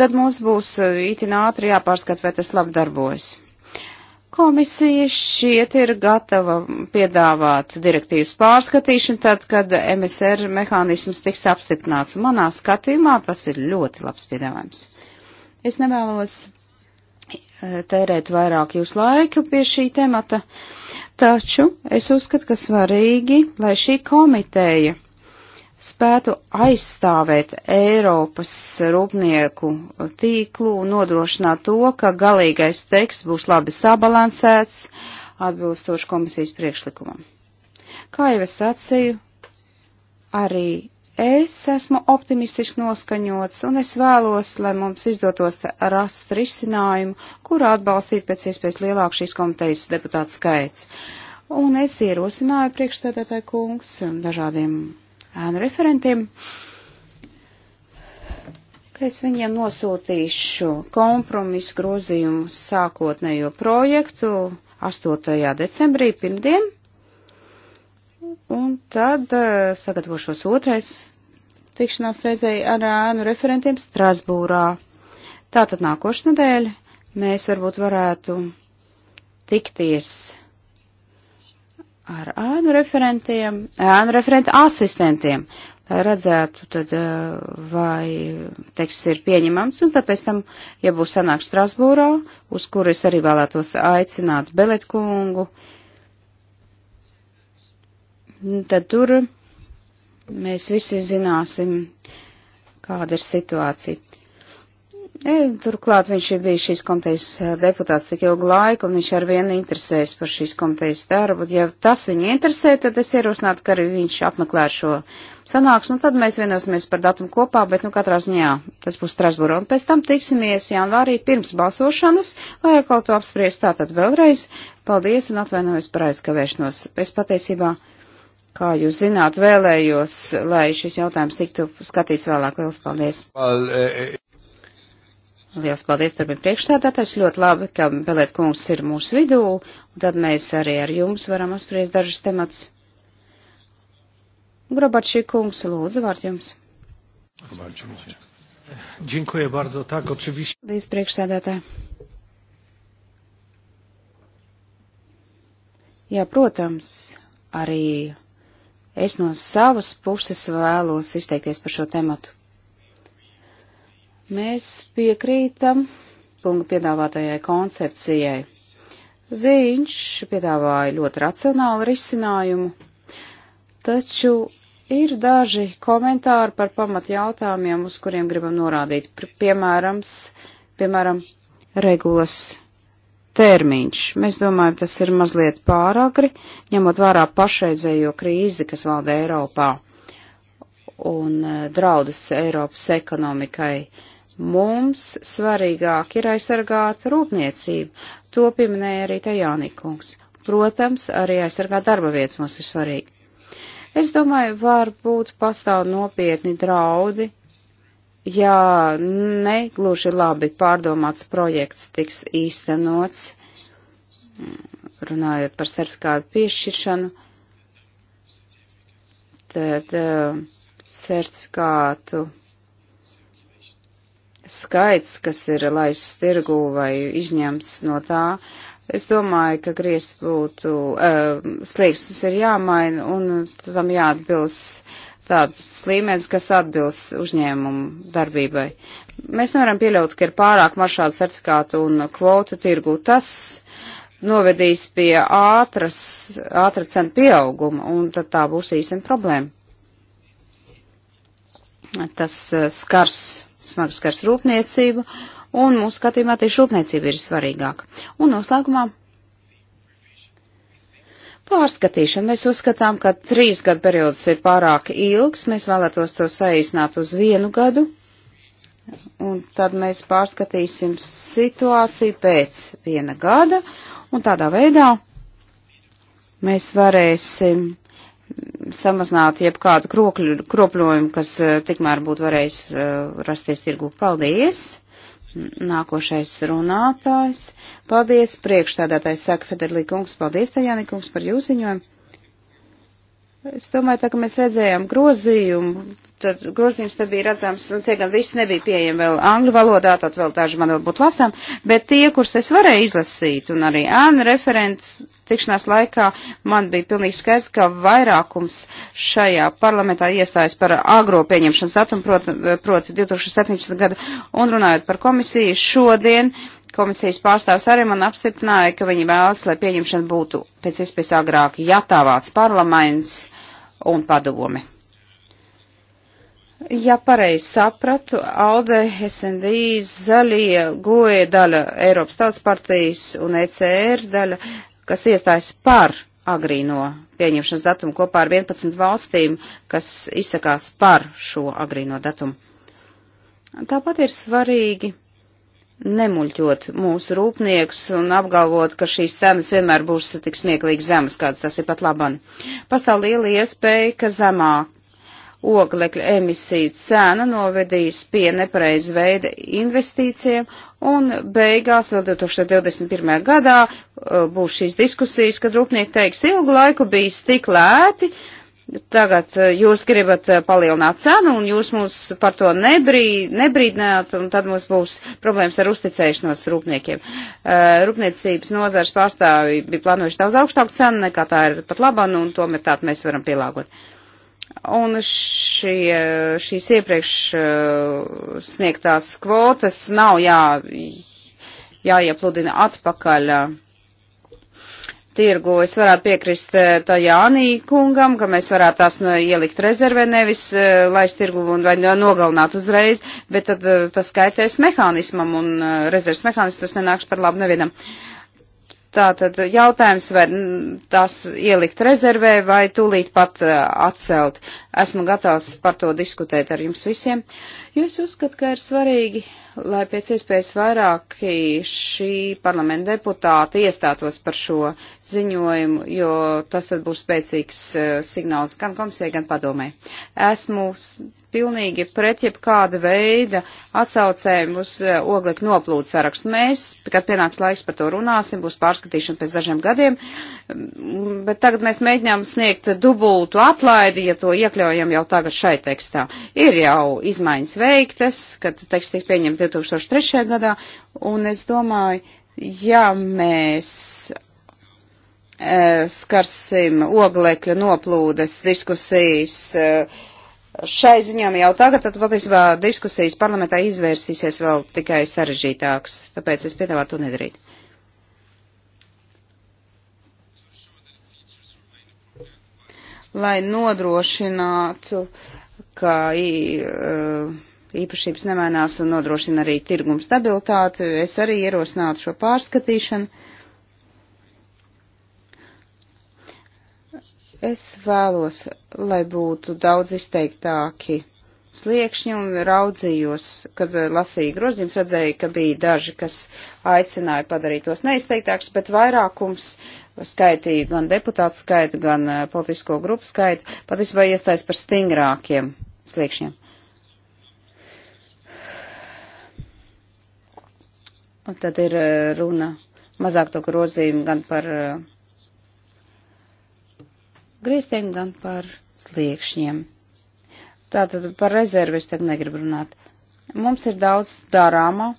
tad mums būs eh, itin ātri jāpārskat, vai tas labi darbojas. Komisija šiet ir gatava piedāvāt direktīvas pārskatīšanu tad, kad MSR mehānisms tiks apstiprināts. Un manā skatījumā tas ir ļoti labs piedāvājums. Es nevēlos eh, tērēt vairāk jūsu laiku pie šī temata. Uh, Taču es uzskatu, ka svarīgi, lai šī komiteja spētu aizstāvēt Eiropas rūpnieku tīklu un nodrošināt to, ka galīgais teksts būs labi sabalansēts atbilstoši komisijas priekšlikumam. Kā jau es sacīju, arī Es esmu optimistiski noskaņots un es vēlos, lai mums izdotos rast risinājumu, kurā atbalstīt pēc iespējas lielāku šīs komitejas deputātu skaits. Un es ierosināju priekšstādātāju kungs dažādiem ēnu referentiem, ka es viņiem nosūtīšu kompromisu grozījumu sākotnējo projektu 8. decembrī pirmdien Un tad eh, sagatavošos otrais tikšanās reizei ar eh, ēnu referentiem Strasbūrā. Tātad nākošu nedēļu mēs varbūt varētu tikties ar ēnu referentiem, ēnu referenta asistentiem, lai redzētu, tad, eh, vai teksts ir pieņemams, un tad pēc tam, ja būs sanāk Strasbūrā, uz kuru es arī vēlētos aicināt Beletkungu, kungu, Nu, tad tur mēs visi zināsim, kāda ir situācija. E, turklāt viņš ir bijis šīs komitejas e, deputāts tik ilgu laiku, un viņš ar vienu interesēs par šīs komitejas darbu. Ja tas viņu interesē, tad es ierosinātu, ka arī viņš apmeklē šo sanāksmu, un tad mēs vienosimies par datumu kopā, bet nu katrā ziņā tas būs Strasbūra. Un pēc tam tiksimies janvārī pirms balsošanas, lai atkal to apspriest tātad vēlreiz. Paldies un atvainojos par aizkavēšanos. Es patiesībā. Kā jūs zināt, vēlējos, lai šis jautājums tiktu skatīts vēlāk. Lielas paldies! Eh, eh. Lielas paldies, turpin priekšsēdētājs. Ļoti labi, ka Belēt kungs ir mūsu vidū, un tad mēs arī ar jums varam apspriest dažas temats. Grobačī kungs, lūdzu, vārds jums. Dziękuję bardzo, tak, oczywiście. Paldies, priekšsēdētāji. Jā, protams, arī Es no savas puses vēlos izteikties par šo tematu. Mēs piekrītam kunga piedāvātajai koncepcijai. Viņš piedāvāja ļoti racionālu risinājumu, taču ir daži komentāri par pamat jautājumiem, uz kuriem gribam norādīt. Piemērams, piemēram, regulas termiņš. Mēs domājam, tas ir mazliet pāragri, ņemot vērā pašreizējo krīzi, kas valda Eiropā un e, draudus Eiropas ekonomikai. Mums svarīgāk ir aizsargāt rūpniecību, to pieminēja arī Tajānikungs. Protams, arī aizsargāt darba vietas mums ir svarīgi. Es domāju, varbūt pastāv nopietni draudi ja negluži labi pārdomāts projekts tiks īstenots, runājot par sertifikātu piešķiršanu, tad uh, eh, sertifikātu skaits, kas ir laists tirgu vai izņemts no tā, es domāju, ka griezt būtu, uh, slieksnis ir jāmaina un tam jāatbilst tāds līmenis, kas atbilst uzņēmumu darbībai. Mēs nevaram pieļaut, ka ir pārāk maršādu certifikātu un kvotu tirgu. Tas novedīs pie ātras, ātra cenu pieauguma, un tad tā būs īsten problēma. Tas eh, skars, smags skars rūpniecību, un mūsu skatījumā tieši rūpniecība ir svarīgāka. Un noslēgumā pārskatīšanu. Mēs uzskatām, ka trīs gadu periods ir pārāk ilgs, mēs vēlētos to saīsināt uz vienu gadu, un tad mēs pārskatīsim situāciju pēc viena gada, un tādā veidā mēs varēsim samazināt jebkādu kropļojumu, kas eh, tikmēr būtu varējis eh, rasties tirgu. Paldies! Nākošais runātājs. Paldies, priekšstādātājs saka Federlī kungs. Paldies, Tajāni kungs, par jūziņojumu. Es domāju, tā kā mēs redzējām grozījumu, tad grozījums te bija redzams, nu tie gan visi nebija pieejami vēl angļu valodā, tad vēl daži man vēl būtu lasām, bet tie, kurus es varēju izlasīt, un arī āna referents tikšanās laikā man bija pilnīgi skaidrs, ka vairākums šajā parlamentā iestājas par agro pieņemšanas datumu, proti, proti 2017. gadu, un runājot par komisiju, šodien komisijas pārstāvs arī man apstiprināja, ka viņi vēlas, lai pieņemšana būtu pēc iespējas agrāk jātāvāts parlaments un padomi. Ja pareizi sapratu, ALDE, SND, Zaļie, GOE daļa Eiropas Tautas partijas un ECR daļa kas iestājas par agrīno pieņemšanas datumu kopā ar 11 valstīm, kas izsakās par šo agrīno datumu. Tāpat ir svarīgi nemuļķot mūsu rūpniekus un apgalvot, ka šīs cenas vienmēr būs tik smieklīgi zemas, kāds tas ir pat laban. Pastāv liela iespēja, ka zemā oglekļa emisija cena novedīs pie nepareiz veida investīcijiem Un beigās vēl 2021. gadā uh, būs šīs diskusijas, kad rūpnieki teiks, ilgu laiku bijis tik lēti, tagad uh, jūs gribat uh, palielināt cenu un jūs mūs par to nebrī, nebrīdināt, un tad mums būs problēmas ar uzticēšanos rūpniekiem. Rūpniecības nozars pārstāvi bija plānojuši daudz augstāku cenu nekā tā ir pat laba, nu, un tomēr tādu mēs varam pielāgot. Un šie, šīs iepriekš eh, sniegtās kvotas nav jā, jāiepludina atpakaļ tirgu. Es varētu piekrist eh, Tajānī kungam, ka mēs varētu tās ielikt rezervē, nevis eh, laist tirgu un vai nogalināt uzreiz, bet tad tas skaitēs mehānismam un rezerves mehānisms tas nenāks par labu nevienam. Uh, Tātad jautājums, vai tās ielikt rezervē vai tūlīt pat eh, atcelt. Esmu gatavs par to diskutēt ar jums visiem. Uh, Jo es uzskatu, ka ir svarīgi, lai pēc iespējas vairāk šī parlamenta deputāti iestātos par šo ziņojumu, jo tas tad būs spēcīgs e, signāls gan komisijai, gan padomē. Esmu pilnīgi pret jebkāda veida atsaucēm uz e, oglekļu noplūdu sarakstu. Mēs, kad pienāks laiks par to runāsim, būs pārskatīšana pēc dažiem gadiem, mm, bet tagad mēs mēģinām sniegt dubultu atlaidi, ja to iekļaujam jau tagad šai tekstā. Ir jau izmaiņas veiktas, kad teksts tika pieņemts 2003. gadā, un es domāju, ja mēs e, skarsim oglekļa noplūdes diskusijas e, šai ziņām jau tagad, tad patiesībā diskusijas parlamentā izvērsīsies vēl tikai sarežģītāks, tāpēc es piedāvāju to nedarīt. Lai nodrošinātu uh, ka uh, īpašības nemainās un nodrošina arī tirgumu stabilitāti. Es arī ierosinātu šo pārskatīšanu. Es vēlos, lai būtu daudz izteiktāki sliekšņi un raudzījos, kad eh, lasīju grozījums, redzēju, ka bija daži, kas aicināja padarīt tos neizteiktāks, bet vairākums skaitīja gan deputātu skaitu, gan eh, politisko grupu skaitu, patiesībā iestājas par stingrākiem sliekšņiem. Un tad ir eh, runa mazāk to grozījumu gan par eh, grieztiem, gan par sliekšņiem. Tātad par rezervi es tagad negribu runāt. Mums ir daudz darāmā,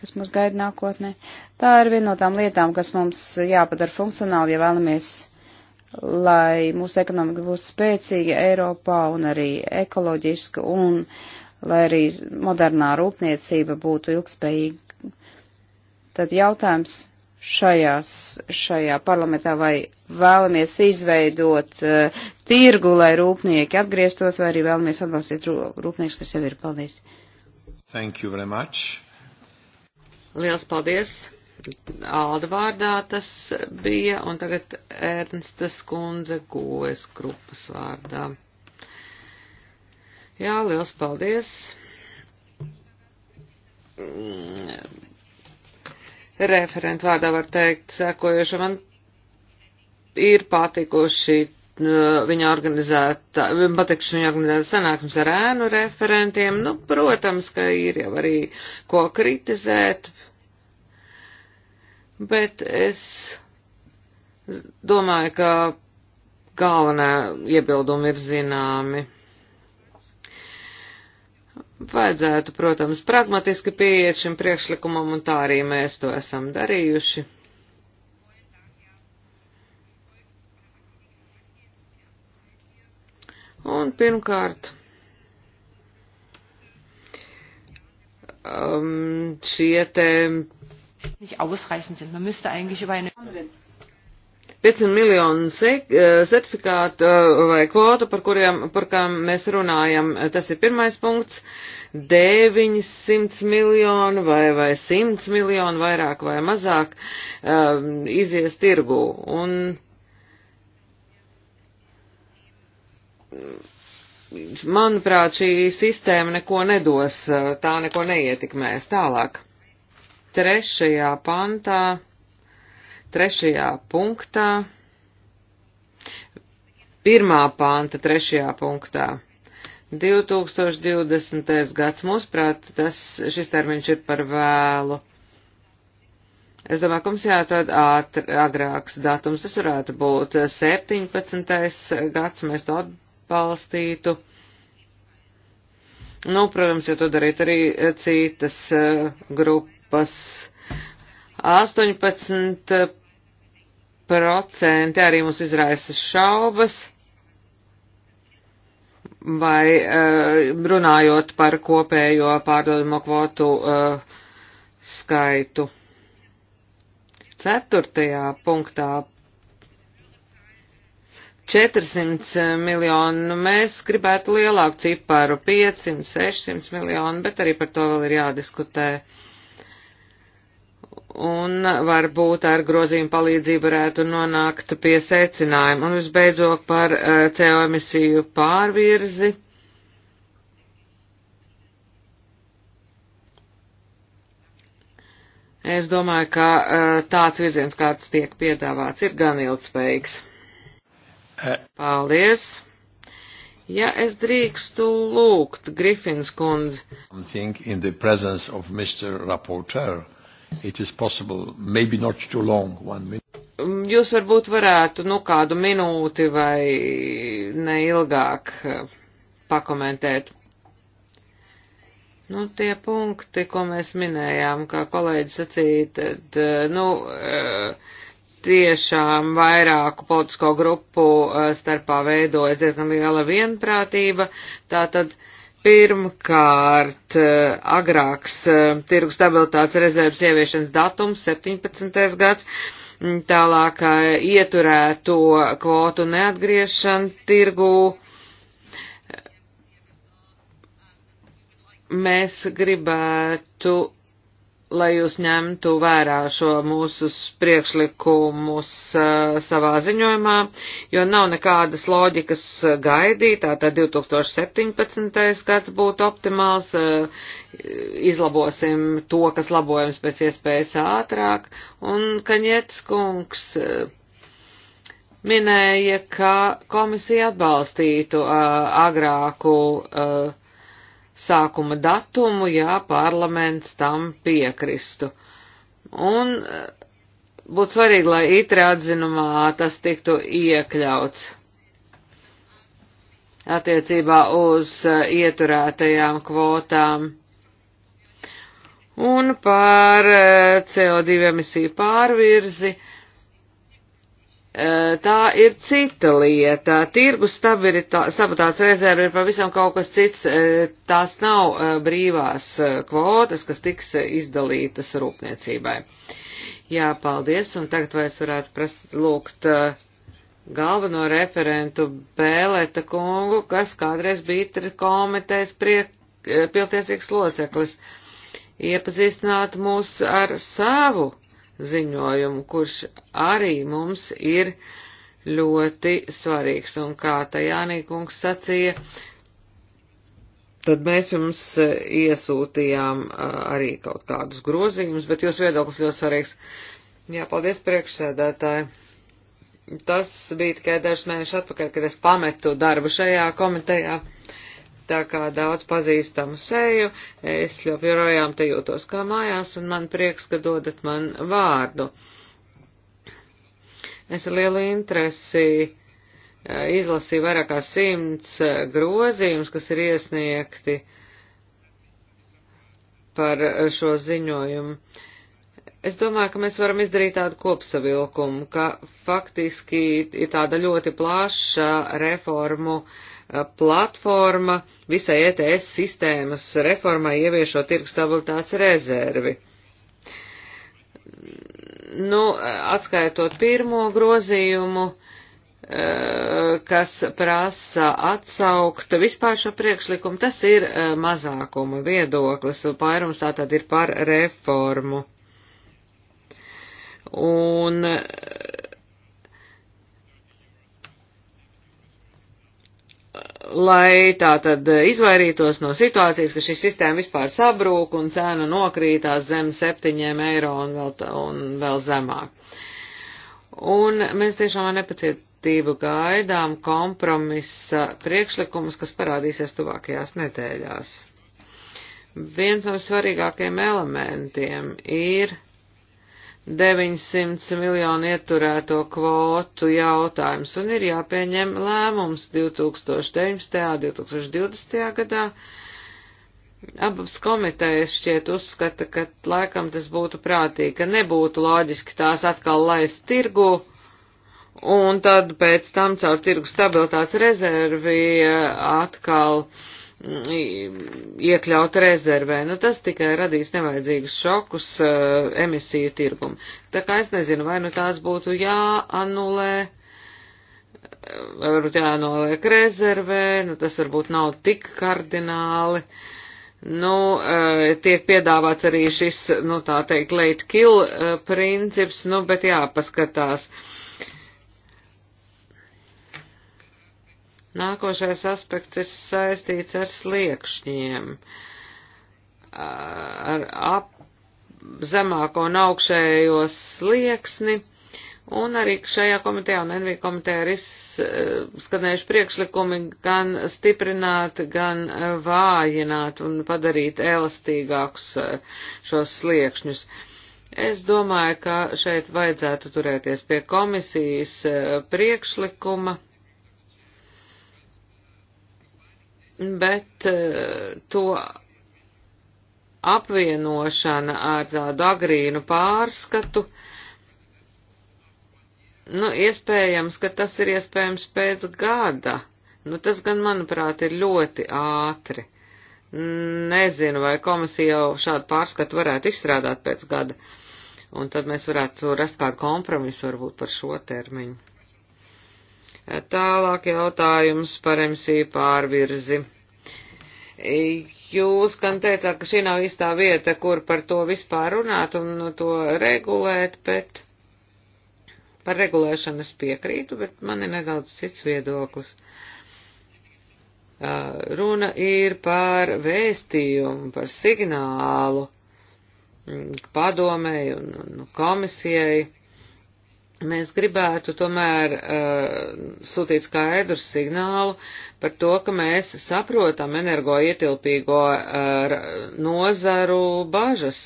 kas mūs gaida nākotnē. Tā ir viena no tām lietām, kas mums jāpadara funkcionāli, ja vēlamies, lai mūsu ekonomika būs spēcīga Eiropā un arī ekoloģiska un lai arī modernā rūpniecība būtu ilgspējīga. Tad jautājums šajās, šajā parlamentā, vai vēlamies izveidot uh, tirgu, lai rūpnieki atgrieztos, vai arī vēlamies atbalstīt rūpnieks, kas jau ir. Paldies! Thank you very much! Liels paldies! Alda vārdā tas bija, un tagad Ernsta skundze gojas grupas vārdā. Jā, liels paldies! referentu vārdā var teikt sekojoši, man ir patikuši nu, viņa organizēta, patikšu viņa organizēta sanāksmes ar ēnu referentiem, nu, protams, ka ir jau arī ko kritizēt, bet es domāju, ka galvenā iebildumi ir zināmi. Vajadzētu, protams, pragmatiski pieiet šim priekšlikumam, un tā arī mēs to esam darījuši. Un pirmkārt, um, šie te. Nicht ausreichend sind. Man müsste eigentlich über eine. 500 miljonu eh, certifikātu eh, vai kvotu, par kuriem, par kām mēs runājam, eh, tas ir pirmais punkts, 900 miljonu vai, vai 100 miljonu vairāk vai mazāk izies tirgu. Un manuprāt, šī sistēma neko nedos, tā neko neietekmēs tālāk. Trešajā pantā trešajā punktā, pirmā panta trešajā punktā. 2020. gads, mūsuprāt, tas, šis termiņš ir par vēlu. Es domāju, ka mums jāatrod agrāks datums, tas varētu būt 17. gads, mēs to atbalstītu. Nu, protams, ja to darīt arī citas eh, grupas 18% arī mums izraisa šaubas, vai eh, runājot par kopējo pārdodamo kvotu eh, skaitu. Ceturtajā punktā 400 miljonu, mēs gribētu lielāku ciparu, 500, 600 miljonu, bet arī par to vēl ir jādiskutē. Uh, un varbūt ar grozījumu palīdzību varētu nonākt pie secinājuma. Un visbeidzot par eh, CO emisiju pārvirzi. Es domāju, ka eh, tāds virziens, kāds tiek piedāvāts, ir gan ilgspējīgs. Eh. Paldies! Ja es drīkstu lūgt, Grifins kundze it is possible, maybe not too long, one minute. Mm, jūs varbūt varētu, nu, kādu minūti vai neilgāk eh, pakomentēt. Nu, tie punkti, ko mēs minējām, kā kolēģi sacīja, tad, eh, nu, eh, tiešām vairāku politisko grupu starpā veidojas diezgan liela vienprātība, tā tad Pirmkārt, eh, agrāks eh, tirgus stabilitātes rezerves ieviešanas datums 17. gads, mm, tālāk eh, ieturēto kvotu neatgriešana tirgū. Mēs gribētu lai jūs ņemtu vērā šo mūsu priekšlikumus uh, savā ziņojumā, jo nav nekādas loģikas gaidīt, tātad 2017. gads būtu optimāls, uh, izlabosim to, kas labojams pēc iespējas ātrāk, un Kaņets kungs uh, minēja, ka komisija atbalstītu uh, agrāku uh, sākuma datumu, ja parlaments tam piekristu. Un eh, būtu svarīgi, lai itri atzinumā tas tiktu iekļauts attiecībā uz eh, ieturētajām kvotām. Un par eh, CO2 emisiju pārvirzi. Uh, Eh, tā ir cita lieta. Tirgus stabilitātes rezerve ir pavisam kaut kas cits. Eh, tās nav eh, brīvās kvotas, kas tiks izdalītas rūpniecībai. Jā, paldies, un tagad vai es varētu prasīt lūgt galveno referentu Bēleta kungu, kas kādreiz bija komitejas priek, piltiesīgs loceklis, iepazīstināt mūs ar savu ziņojumu, kurš arī mums ir ļoti svarīgs. Un kā Tajānī kungs sacīja, tad mēs jums eh, iesūtījām eh, arī kaut kādus grozījumus, bet jūs viedoklis ļoti svarīgs. Jā, paldies priekšsēdētāji. Tas bija tikai dažs mēnešus atpakaļ, kad es pametu darbu šajā komitejā. Uh, tā kā daudz pazīstamu seju, es joprojām te jūtos kā mājās, un man prieks, ka dodat man vārdu. Es ar lielu interesi eh, izlasīju vairāk kā simts eh, grozījumus, kas ir iesniegti par eh, šo ziņojumu. Es domāju, ka mēs varam izdarīt tādu kopsavilkumu, ka faktiski ir tāda ļoti plaša reformu uh, platforma visai ETS sistēmas reformai ieviešo tirgus stabilitātes rezervi. Nu, atskaitot pirmo grozījumu, eh, kas prasa atsaukt vispār šo priekšlikumu, tas ir eh, mazākuma viedoklis, vairums tātad ir par reformu. Un eh, lai tā tad izvairītos no situācijas, ka šī sistēma vispār sabrūk un cena nokrītās zem septiņiem eiro un vēl, un vēl zemāk. Un mēs tiešām nepacietību gaidām kompromisa priekšlikumus, kas parādīsies tuvākajās nedēļās. Viens no svarīgākajiem elementiem ir 900 miljonu ieturēto kvotu jautājums un ir jāpieņem lēmums 2019. un 2020. gadā. Abas komitejas šķiet uzskata, ka laikam tas būtu prātīgi, ka nebūtu loģiski tās atkal laist tirgu un tad pēc tam caur tirgu stabilitātes rezervi atkal uh, iekļaut rezervē. Nu, tas tikai radīs nevajadzīgus šokus uh, emisiju tirgumu. Tā kā es nezinu, vai nu tās būtu jāanulē, vai varbūt jānoliek rezervē, nu, tas varbūt nav tik kardināli. Nu, uh, tiek piedāvāts arī šis, nu, tā teikt, late kill uh, princips, nu, bet jāpaskatās. Uh, Nākošais aspekts ir saistīts ar sliekšņiem, ar ap, zemāko un augšējo slieksni, un arī šajā komitejā un NV komitejā ir izskanējuši eh, priekšlikumi gan stiprināt, gan vājināt un padarīt elastīgākus eh, šos sliekšņus. Es domāju, ka šeit vajadzētu turēties pie komisijas eh, priekšlikuma bet eh, to apvienošana ar tādu agrīnu pārskatu, nu, iespējams, ka tas ir iespējams pēc gada. Nu, tas gan, manuprāt, ir ļoti ātri. Nezinu, vai komisija jau šādu pārskatu varētu izstrādāt pēc gada, un tad mēs varētu rast kādu kompromisu varbūt par šo termiņu. Tālāk jautājums par MC pārvirzi. Jūs gan teicāt, ka šī nav īstā vieta, kur par to vispār runāt un to regulēt, bet par regulēšanu es piekrītu, bet man ir nedaudz cits viedoklis. Uh, runa ir par vēstījumu, par signālu mm, padomēju un komisijai mēs gribētu tomēr uh, sūtīt skaidru signālu par to, ka mēs saprotam energoietilpīgo uh, nozaru bažas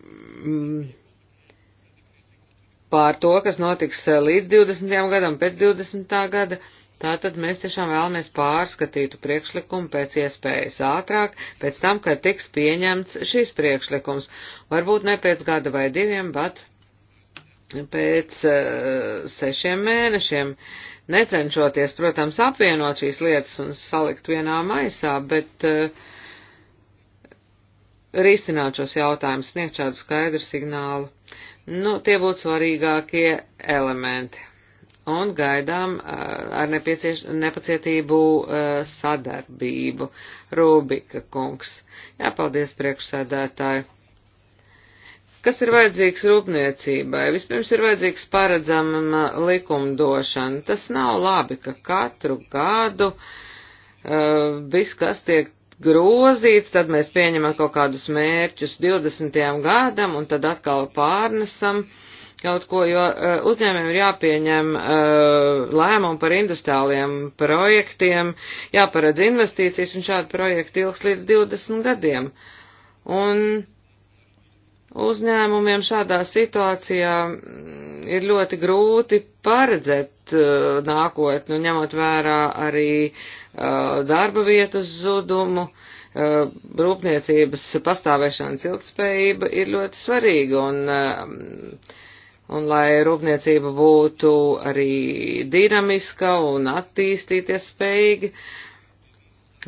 mm, pār to, kas notiks līdz 20. gadam, pēc 20. gada. Tātad mēs tiešām vēlamies pārskatītu priekšlikumu pēc iespējas ātrāk, pēc tam, kad tiks pieņemts šis priekšlikums. Varbūt ne pēc gada vai diviem, bet pēc eh, sešiem mēnešiem, necenšoties, protams, apvienot šīs lietas un salikt vienā maisā, bet eh, risināt šos jautājumus, sniegt šādu skaidru signālu. Nu, tie būtu svarīgākie elementi. Un gaidām eh, ar nepacietību sadarbību. Rūbika kungs. Jā, paldies priekšsēdētāju. Kas ir vajadzīgs rūpniecībai? Vispirms ir vajadzīgs paredzama uh, likumdošana. Tas nav labi, ka katru gadu uh, viss, kas tiek grozīts, tad mēs pieņemam kaut kādus mērķus 20. gadam un tad atkal pārnesam kaut ko, jo uh, uzņēmiem ir jāpieņem uh, lēmumu par industriāliem projektiem, jāparedz investīcijas un šādi projekti ilgs līdz 20 gadiem. Un Uzņēmumiem šādā situācijā mm, ir ļoti grūti paredzēt uh, nākotni, nu, ņemot vērā arī uh, darba vietu zudumu, uh, rūpniecības pastāvēšanas ilgtspējība ir ļoti svarīga un, uh, un lai rūpniecība būtu arī dinamiska un attīstīties spējīga,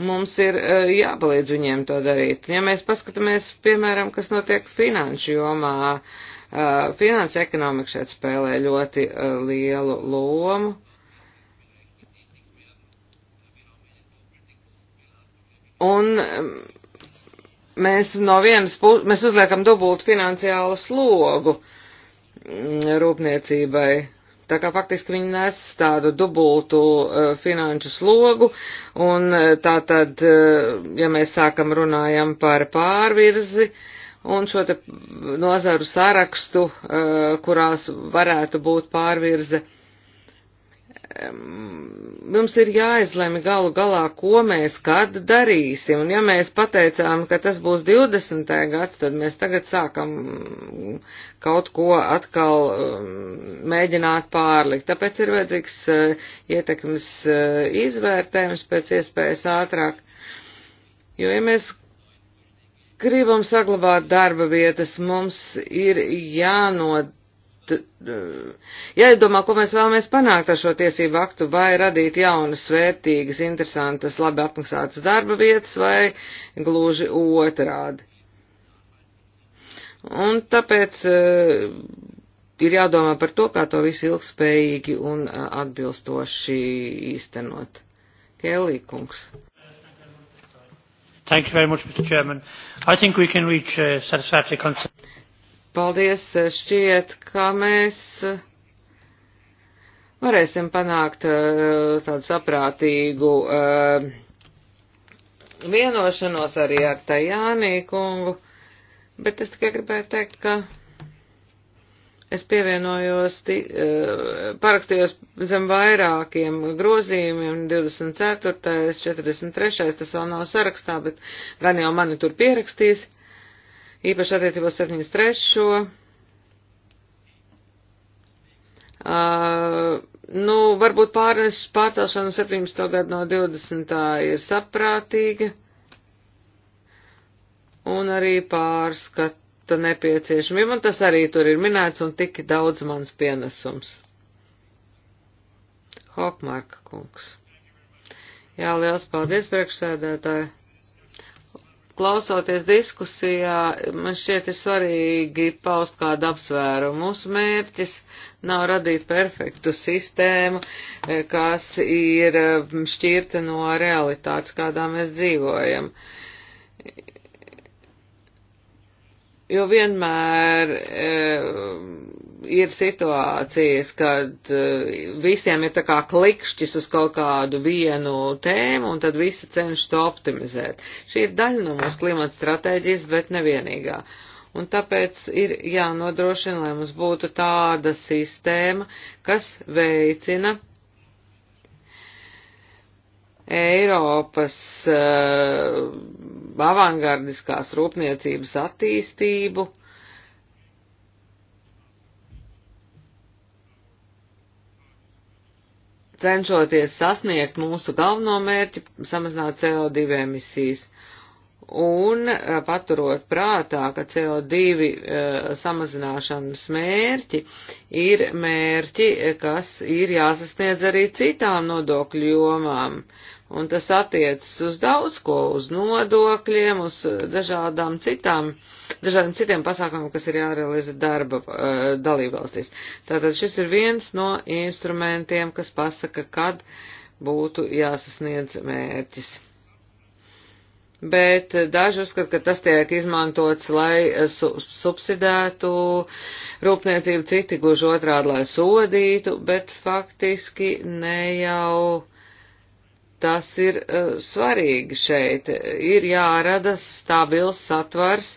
Mums ir eh, jāpalīdz viņiem to darīt. Ja mēs paskatāmies, piemēram, kas notiek finanšu jomā, eh, finanšu ekonomika šeit spēlē ļoti eh, lielu lomu. Un ehm, mēs no vienas puses, mēs uzliekam dubultu finansiālu slogu mm, rūpniecībai. Tā kā faktiski viņi nes tādu dubultu uh, finanšu slogu, un eh, tā tad, uh, ja mēs sākam runājam par pārvirzi un šo te nozaru sarakstu, uh, kurās varētu būt pārvirze, uh, mums ir jāizlemj galu galā, ko mēs kad darīsim. Un ja mēs pateicām, ka tas būs 20. gads, tad mēs tagad sākam kaut ko atkal mēģināt pārlikt. Tāpēc ir vajadzīgs e, ietekmes e, izvērtējums pēc iespējas ātrāk. Jo, ja mēs gribam saglabāt darba vietas, mums ir jānodrošina jādomā, ko mēs vēlamies panākt ar šo tiesību aktu, vai radīt jaunas, vērtīgas, interesantas, labi apmaksātas darba vietas, vai gluži otrādi. Un tāpēc uh, ir jādomā par to, kā to visu ilgspējīgi un uh, atbilstoši īstenot. Kēlī kungs. Thank you very much, Mr. Chairman. I think we can reach a satisfactory consensus. Paldies, eh, šķiet, ka mēs eh, varēsim panākt eh, tādu saprātīgu vienošanos arī ar Tajānī kungu, bet es tikai gribēju teikt, ka es pievienojos, parakstījos zem vairākiem grozījumiem, 24., 43., tas vēl nav sarakstā, bet gan jau mani tur pierakstīs īpaši attiecībā 73. Uh, nu, varbūt pārnes pārcelšana 17. gadu no 20. ir saprātīga, un arī pārskata nepieciešamība, un tas arī tur ir minēts, un tik daudz mans pienesums. Hokmarka kungs. Jā, liels paldies, priekšsēdētāji klausoties diskusijā, man šķiet ir svarīgi paust kādu apsvērumu. Mūsu mērķis nav radīt perfektu sistēmu, eh, kas ir eh, šķirta no realitātes, kādā mēs dzīvojam. Jo vienmēr eh, ir situācijas, kad eh, visiem ir tā kā klikšķis uz kaut kādu vienu tēmu, un tad visi cenšas to optimizēt. Šī ir daļa no mūsu klimata stratēģijas, bet nevienīgā. Un tāpēc ir jānodrošina, lai mums būtu tāda sistēma, kas veicina Eiropas uh, eh, avangardiskās rūpniecības attīstību cenšoties sasniegt mūsu galveno mērķi, samazināt CO2 emisijas. Un e, paturot prātā, ka CO2 e, samazināšanas mērķi ir mērķi, e, kas ir jāsasniedz arī citām nodokļu jomām. Uh, un tas attiecas uz daudz ko, uz nodokļiem, uz dažādām citām, dažādiem citiem pasākumiem, kas ir jārealizē darba uh, dalībvalstīs. Tātad šis ir viens no instrumentiem, kas pasaka, kad būtu jāsasniedz mērķis. Bet daži uzskata, ka tas tiek izmantots, lai eh, su subsidētu rūpniecību, citi gluži otrādi, lai sodītu, bet faktiski ne jau tas ir uh, svarīgi šeit. Ir jārada stabils satvars,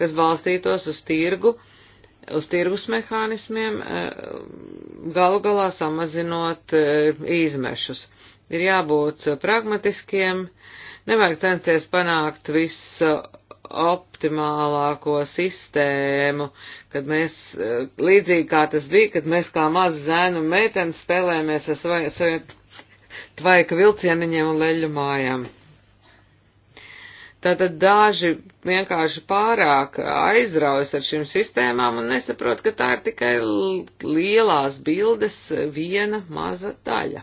kas balstītos uz tirgu, uz tirgus mehānismiem, uh, galu galā samazinot uh, izmešus. Ir jābūt pragmatiskiem, nevajag censties panākt visu optimālāko sistēmu, kad mēs, līdzīgi kā tas bija, kad mēs kā maz zēnu meiteni spēlējamies ar saviem tvaika vilcieniņiem un leļu mājām. Tātad daži vienkārši pārāk aizraujas ar šīm sistēmām un nesaprot, ka tā ir tikai lielās bildes viena maza daļa.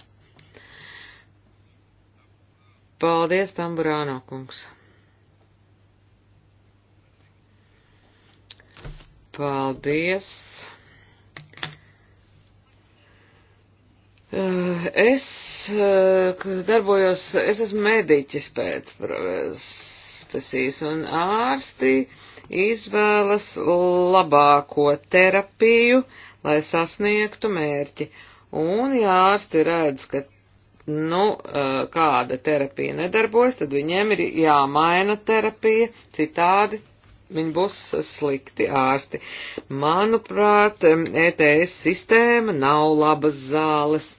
Paldies, Tamburāno kungs! Paldies! Uh, es Eh, kas darbojos, es esmu mediķis pēc profesijas un ārsti izvēlas labāko terapiju, lai sasniegtu mērķi. Un, ja ārsti redz, ka, nu, eh, kāda terapija nedarbojas, tad viņiem ir jāmaina terapija, citādi viņi būs slikti ārsti. Manuprāt, ETS eh, e sistēma nav labas zāles.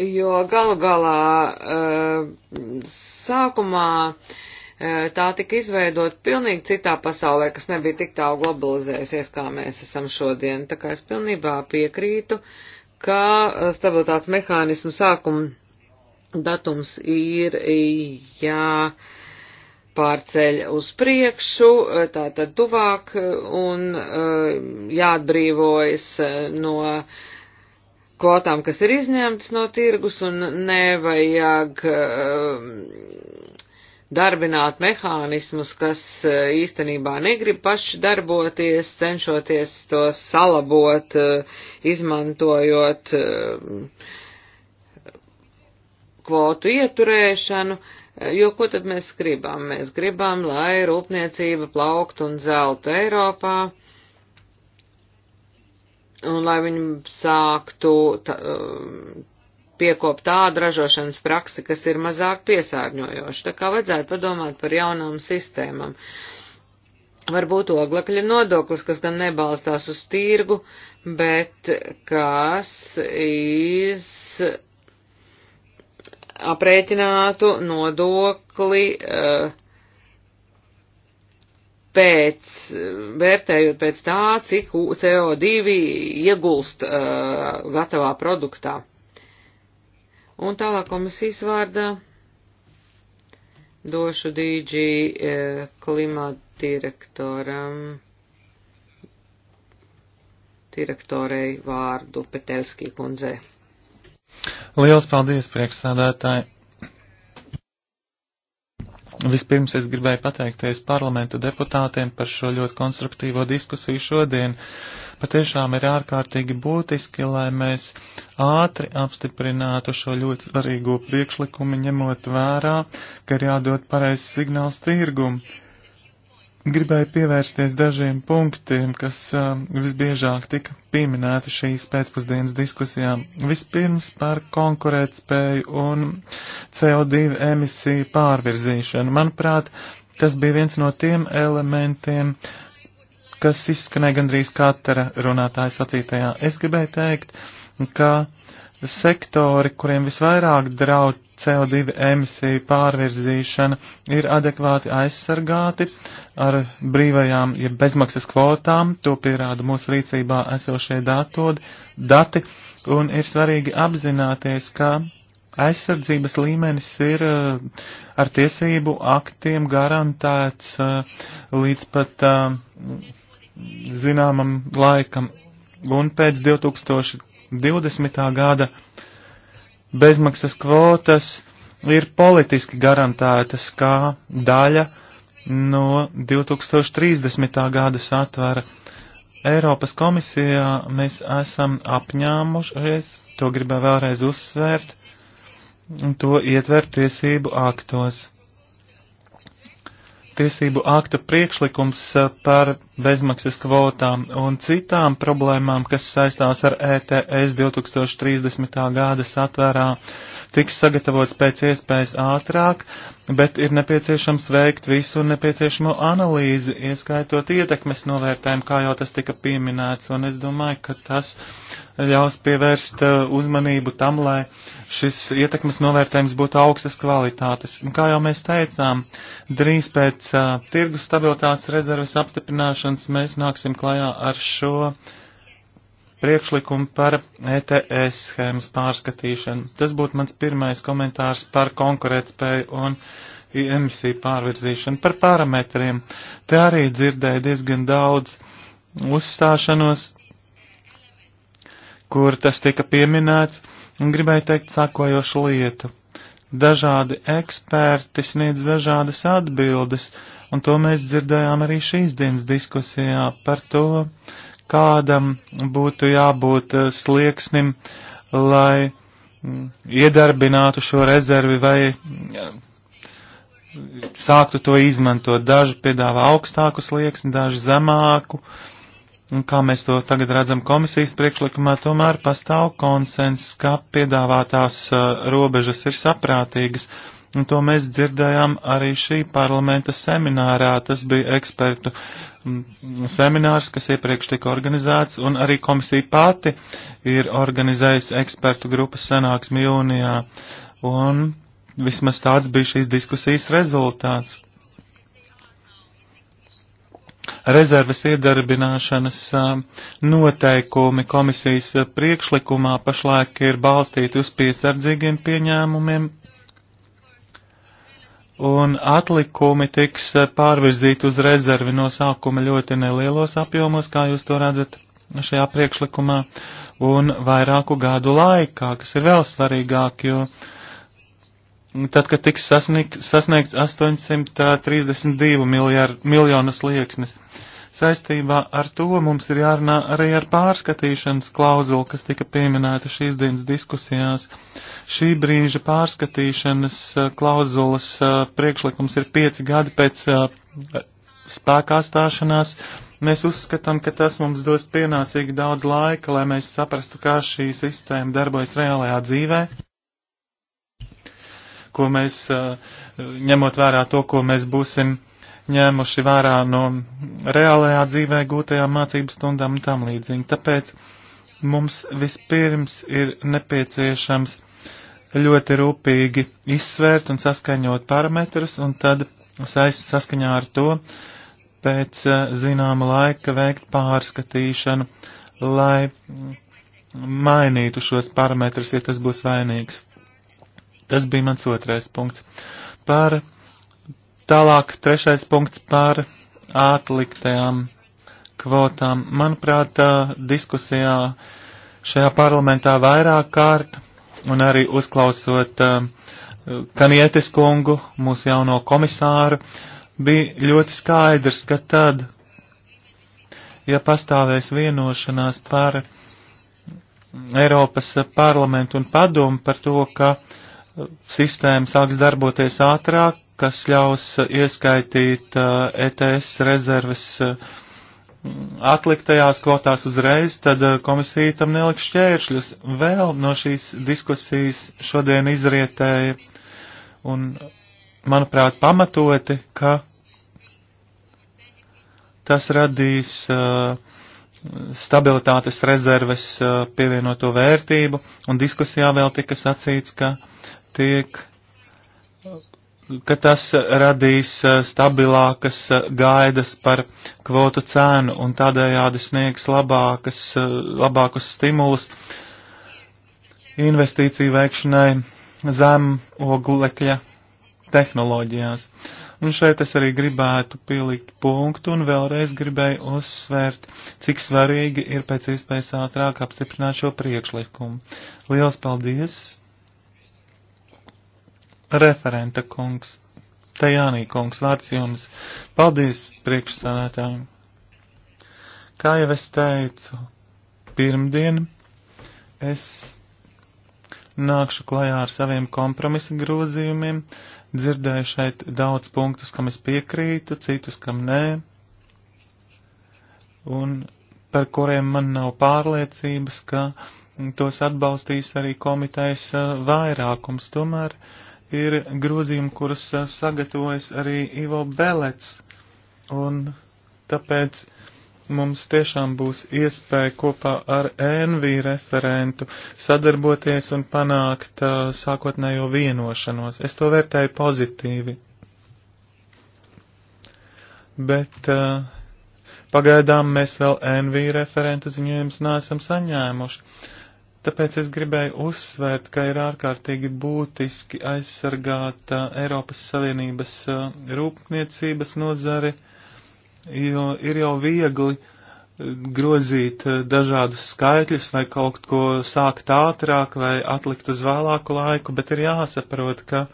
Jo galu galā eh, sākumā eh, tā tika izveidot pilnīgi citā pasaulē, kas nebija tik tālu globalizējusies, kā mēs esam šodien. Tā kā es pilnībā piekrītu, ka eh, stabilitātes mehānismu sākuma datums ir jā. Ja, pārceļ uz priekšu, eh, tātad tuvāk eh, un eh, jāatbrīvojas no kvotām, kas ir izņemtas no tirgus un nevajag darbināt mehānismus, kas īstenībā negrib paši darboties, cenšoties to salabot, izmantojot kvotu ieturēšanu. Uh, Jo ko tad mēs gribam? Mēs gribam, lai rūpniecība plaukt un zelta Eiropā, un lai viņi sāktu tā, um, piekopt tādu ražošanas praksi, kas ir mazāk piesārņojoša. Tā kā vajadzētu padomāt par jaunām sistēmām. Varbūt oglekļa nodoklis, kas gan nebalstās uz tirgu, bet kas iz aprēķinātu nodokli eh, pēc, vērtējot pēc tā, cik CO2 iegulst eh, gatavā produktā. Un tālāk komisijas vārdā došu DG eh, klimata direktoram, direktorei vārdu Petelskī kundzei. Liels paldies, priekšsādātāji! Vispirms es gribēju pateikties parlamentu deputātiem par šo ļoti konstruktīvo diskusiju šodien. Patiešām ir ārkārtīgi būtiski, lai mēs ātri apstiprinātu šo ļoti svarīgo priekšlikumu, ņemot vērā, ka ir jādod pareizs signāls tirgumu Gribēju pievērsties dažiem punktiem, kas uh, visbiežāk tika pieminēti šīs pēcpusdienas diskusijā. Vispirms par konkurētspēju un CO2 emisiju pārvirzīšanu. Manuprāt, tas bija viens no tiem elementiem, kas izskanēja gandrīz katra runātāja sacītajā. Es gribēju teikt, ka uh, sektori, kuriem visvairāk draud CO2 emisiju pārvirzīšana, ir adekvāti aizsargāti ar brīvajām, ja bezmaksas kvotām, to pierāda mūsu rīcībā esošie datodi, dati, un ir svarīgi apzināties, ka aizsardzības līmenis ir eh, ar tiesību aktiem garantēts eh, līdz pat eh, zināmam laikam. Un pēc 2000 20. gada bezmaksas kvotas ir politiski garantētas kā daļa no 2030. gada satvera. Eiropas komisijā mēs esam apņēmušies, to gribēju vēlreiz uzsvērt, to ietver tiesību aktos tiesību akta priekšlikums eh, par bezmaksas kvotām un citām problēmām, kas saistās ar ETS 2030. gada satvērā tiks sagatavots pēc iespējas ātrāk, bet ir nepieciešams veikt visu nepieciešamo analīzi, ieskaitot ietekmes novērtējumu, kā jau tas tika pieminēts, un es domāju, ka tas ļaus pievērst uh, uzmanību tam, lai šis ietekmes novērtējums būtu augstas kvalitātes. Un kā jau mēs teicām, drīz pēc uh, tirgus stabilitātes rezerves apstiprināšanas mēs nāksim klajā ar šo uh, priekšlikumu par ETS schēmas pārskatīšanu. Tas būtu mans pirmais komentārs par konkurētspēju un emisiju pārvirzīšanu. Par parametriem te arī dzirdēju diezgan daudz uzstāšanos, kur tas tika pieminēts, un gribēju teikt sakojošu lietu. Dažādi eksperti sniedz dažādas atbildes, un to mēs dzirdējām arī šīs dienas diskusijā par to, uh, kādam būtu jābūt eh, slieksnim, lai mm, iedarbinātu šo rezervi vai mm, sāktu to izmantot. Daži piedāvā augstāku slieksni, daži zemāku. Un kā mēs to tagad redzam komisijas priekšlikumā, tomēr pastāv konsens, ka piedāvātās eh, robežas ir saprātīgas. Un to mēs dzirdējām arī šī parlamenta seminārā. Tas bija ekspertu seminārs, kas iepriekš tika organizēts, un arī komisija pati ir organizējusi ekspertu grupas sanāksmi jūnijā, un vismaz tāds bija šīs diskusijas rezultāts. Rezerves iedarbināšanas noteikumi komisijas priekšlikumā pašlaik ir balstīti uz piesardzīgiem pieņēmumiem un atlikumi tiks eh, pārvirzīti uz rezervi no sākuma ļoti nelielos apjomos, kā jūs to redzat šajā priekšlikumā, un vairāku gadu laikā, kas ir vēl svarīgāk, jo tad, kad tiks sasnieg, sasniegts 832 miljār, miljonus lieksnes, uh, Saistībā ar to mums ir jārunā arī ar pārskatīšanas klauzulu, kas tika pieminēta šīs dienas diskusijās. Šī brīža pārskatīšanas eh, klauzulas eh, priekšlikums ir pieci gadi pēc eh, spēkā stāšanās. Mēs uzskatām, ka tas mums dos pienācīgi daudz laika, lai mēs saprastu, kā šī sistēma darbojas reālajā dzīvē ko mēs, ņemot vērā to, ko mēs būsim ņēmuši vērā no reālajā dzīvē gūtajām mācību stundām un tam līdzīgi. Tāpēc mums vispirms ir nepieciešams ļoti rūpīgi izsvērt un saskaņot parametrus un tad saist saskaņā ar to pēc eh, zināma laika veikt pārskatīšanu, lai mainītu šos parametrus, ja tas būs vainīgs. Tas bija mans otrais punkts. Par Tālāk trešais punkts par atliktajām kvotām. Manuprāt, diskusijā šajā parlamentā vairāk kārt un arī uzklausot Kanietis kungu, mūsu jauno komisāru, bija ļoti skaidrs, ka tad, ja pastāvēs vienošanās par Eiropas parlamentu un padomu par to, ka sistēma sāks darboties ātrāk, kas ļaus uh, ieskaitīt uh, ETS rezerves uh, atliktajās kvotās uzreiz, tad komisija tam neliks šķēršļus. Vēl no šīs diskusijas šodien izrietēja un, manuprāt, pamatoti, ka tas radīs uh, stabilitātes rezerves pievienoto vērtību, un diskusijā vēl tika sacīts, ka tiek ka tas radīs eh, stabilākas eh, gaidas par kvotu cēnu un tādējādi sniegs labākas, eh, labākus stimulus investīciju veikšanai zem oglekļa tehnoloģijās. Un šeit es arī gribētu pielikt punktu un vēlreiz gribēju uzsvērt, cik svarīgi ir pēc iespējas ātrāk apstiprināt šo priekšlikumu. Lielas paldies! referenta kungs. Tajānī kungs, vārds jums. Paldies priekšsādātājiem. Kā jau es teicu, pirmdien es nākšu klajā ar saviem kompromisa grozījumiem. Dzirdēju šeit daudz punktus, kam es piekrītu, citus, kam nē, un par kuriem man nav pārliecības, ka tos atbalstīs arī komitejas vairākums. Tomēr uh, ir grozījumi, kuras eh, sagatavojas arī Ivo Belets, un tāpēc mums tiešām būs iespēja kopā ar NV referentu sadarboties un panākt uh, sākotnējo vienošanos. Es to vērtēju pozitīvi. Bet uh, pagaidām mēs vēl NV referenta ziņojums neesam saņēmuši. Uh, Tāpēc es gribēju uzsvērt, ka ir ārkārtīgi būtiski aizsargāt uh, Eiropas Savienības uh, rūpniecības nozari, jo ir jau viegli grozīt dažādus skaitļus vai kaut ko sākt ātrāk vai atlikt uz vēlāku laiku, bet ir jāsaprot, ka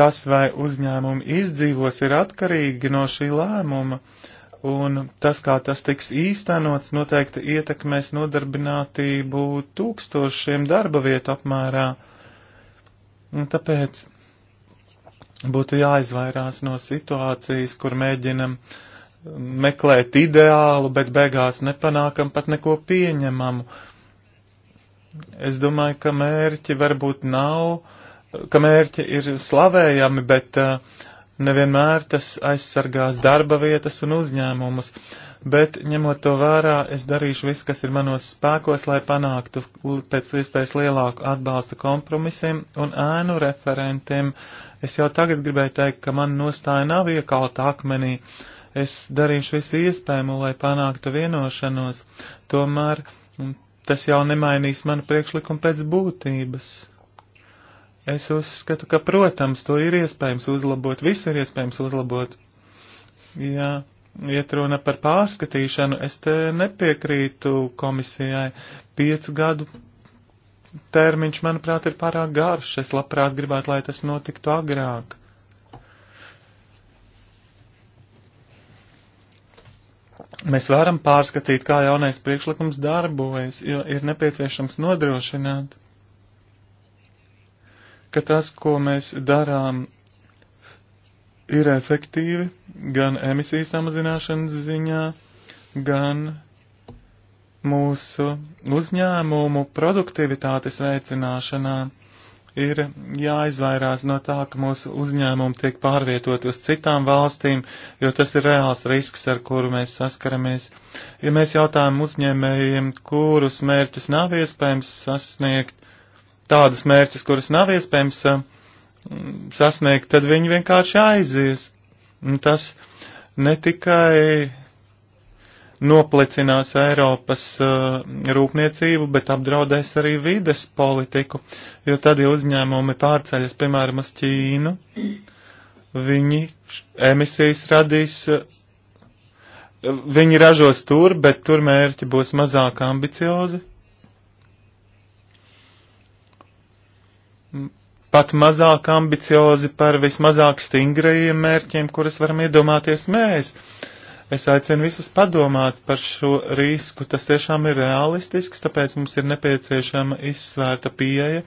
tas, vai uzņēmumi izdzīvos, ir atkarīgi no šī lēmuma. Uh, un tas, kā tas tiks īstenots, noteikti ietekmēs nodarbinātību tūkstošiem darba vietu apmērā. Un tāpēc būtu jāizvairās no situācijas, kur mēģinam meklēt ideālu, bet beigās nepanākam pat neko pieņemamu. Es domāju, ka mērķi varbūt nav, ka mērķi ir slavējami, bet uh, Nevienmēr tas aizsargās darba vietas un uzņēmumus, bet ņemot to vērā, es darīšu visu, kas ir manos spēkos, lai panāktu pēc iespējas lielāku atbalstu kompromisiem un ēnu referentiem. Es jau tagad gribēju teikt, ka man nostāja nav iekalta akmenī. Es darīšu visu iespējamo, lai panāktu vienošanos. Tomēr mm, tas jau nemainīs manu priekšlikumu pēc būtības. Es uzskatu, ka, protams, to ir iespējams uzlabot, visu ir iespējams uzlabot. Jā, iet runa par pārskatīšanu, es te nepiekrītu komisijai. Piecu gadu termiņš, manuprāt, ir pārāk garš. Es labprāt gribētu, lai tas notiktu agrāk. Mēs varam pārskatīt, kā jaunais priekšlikums darbojas, jo ir nepieciešams nodrošināt ka tas, ko mēs darām, ir efektīvi gan emisiju samazināšanas ziņā, gan mūsu uzņēmumu produktivitātes veicināšanā ir jāizvairās no tā, ka mūsu uzņēmumi tiek pārvietot uz citām valstīm, jo tas ir reāls risks, ar kuru mēs saskaramies. Ja mēs jautājam uzņēmējiem, kurus mērķus nav iespējams sasniegt, tādus mērķus, kurus nav iespējams eh, sasniegt, tad viņi vienkārši aizies. Un tas ne tikai noplicinās Eiropas uh, rūpniecību, bet apdraudēs arī vides politiku, jo tad, ja uzņēmumi pārceļas, piemēram, uz Ķīnu, viņi emisijas radīs, uh, viņi ražos tur, bet tur mērķi būs mazāk ambiciozi, pat mazāk ambiciozi par vismazāk stingrajiem mērķiem, kuras varam iedomāties mēs. Es aicinu visus padomāt par šo risku. Tas tiešām ir realistisks, tāpēc mums ir nepieciešama izsvērta pieeja,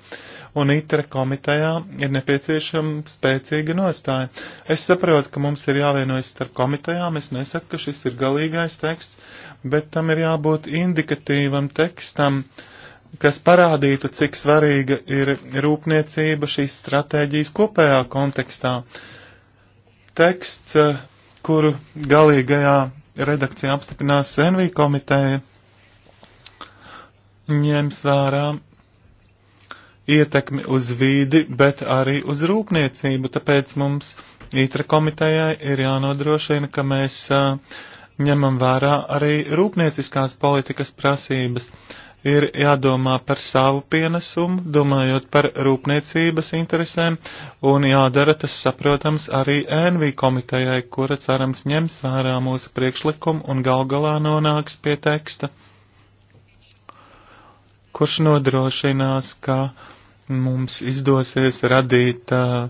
un ITRE komitejā ir nepieciešama spēcīga nostāja. Es saprotu, ka mums ir jāvienojas starp komitejām. Es nesaku, ka šis ir galīgais teksts, bet tam ir jābūt indikatīvam tekstam. Uh, kas parādītu, cik svarīga ir rūpniecība šīs stratēģijas kopējā kontekstā. Teksts, kuru galīgajā redakcijā apstiprinās NV komiteja, ņems vērā ietekmi uz vīdi, bet arī uz rūpniecību, tāpēc mums ITRA komitejai ir jānodrošina, ka mēs ņemam vērā arī rūpnieciskās politikas prasības. Uh, ir jādomā par savu pienesumu, domājot par rūpniecības interesēm, un jādara tas, saprotams, arī NV komitejai, kura cerams ņems vērā mūsu priekšlikumu un gal galā nonāks pie teksta, kurš nodrošinās, ka mums izdosies radīt uh,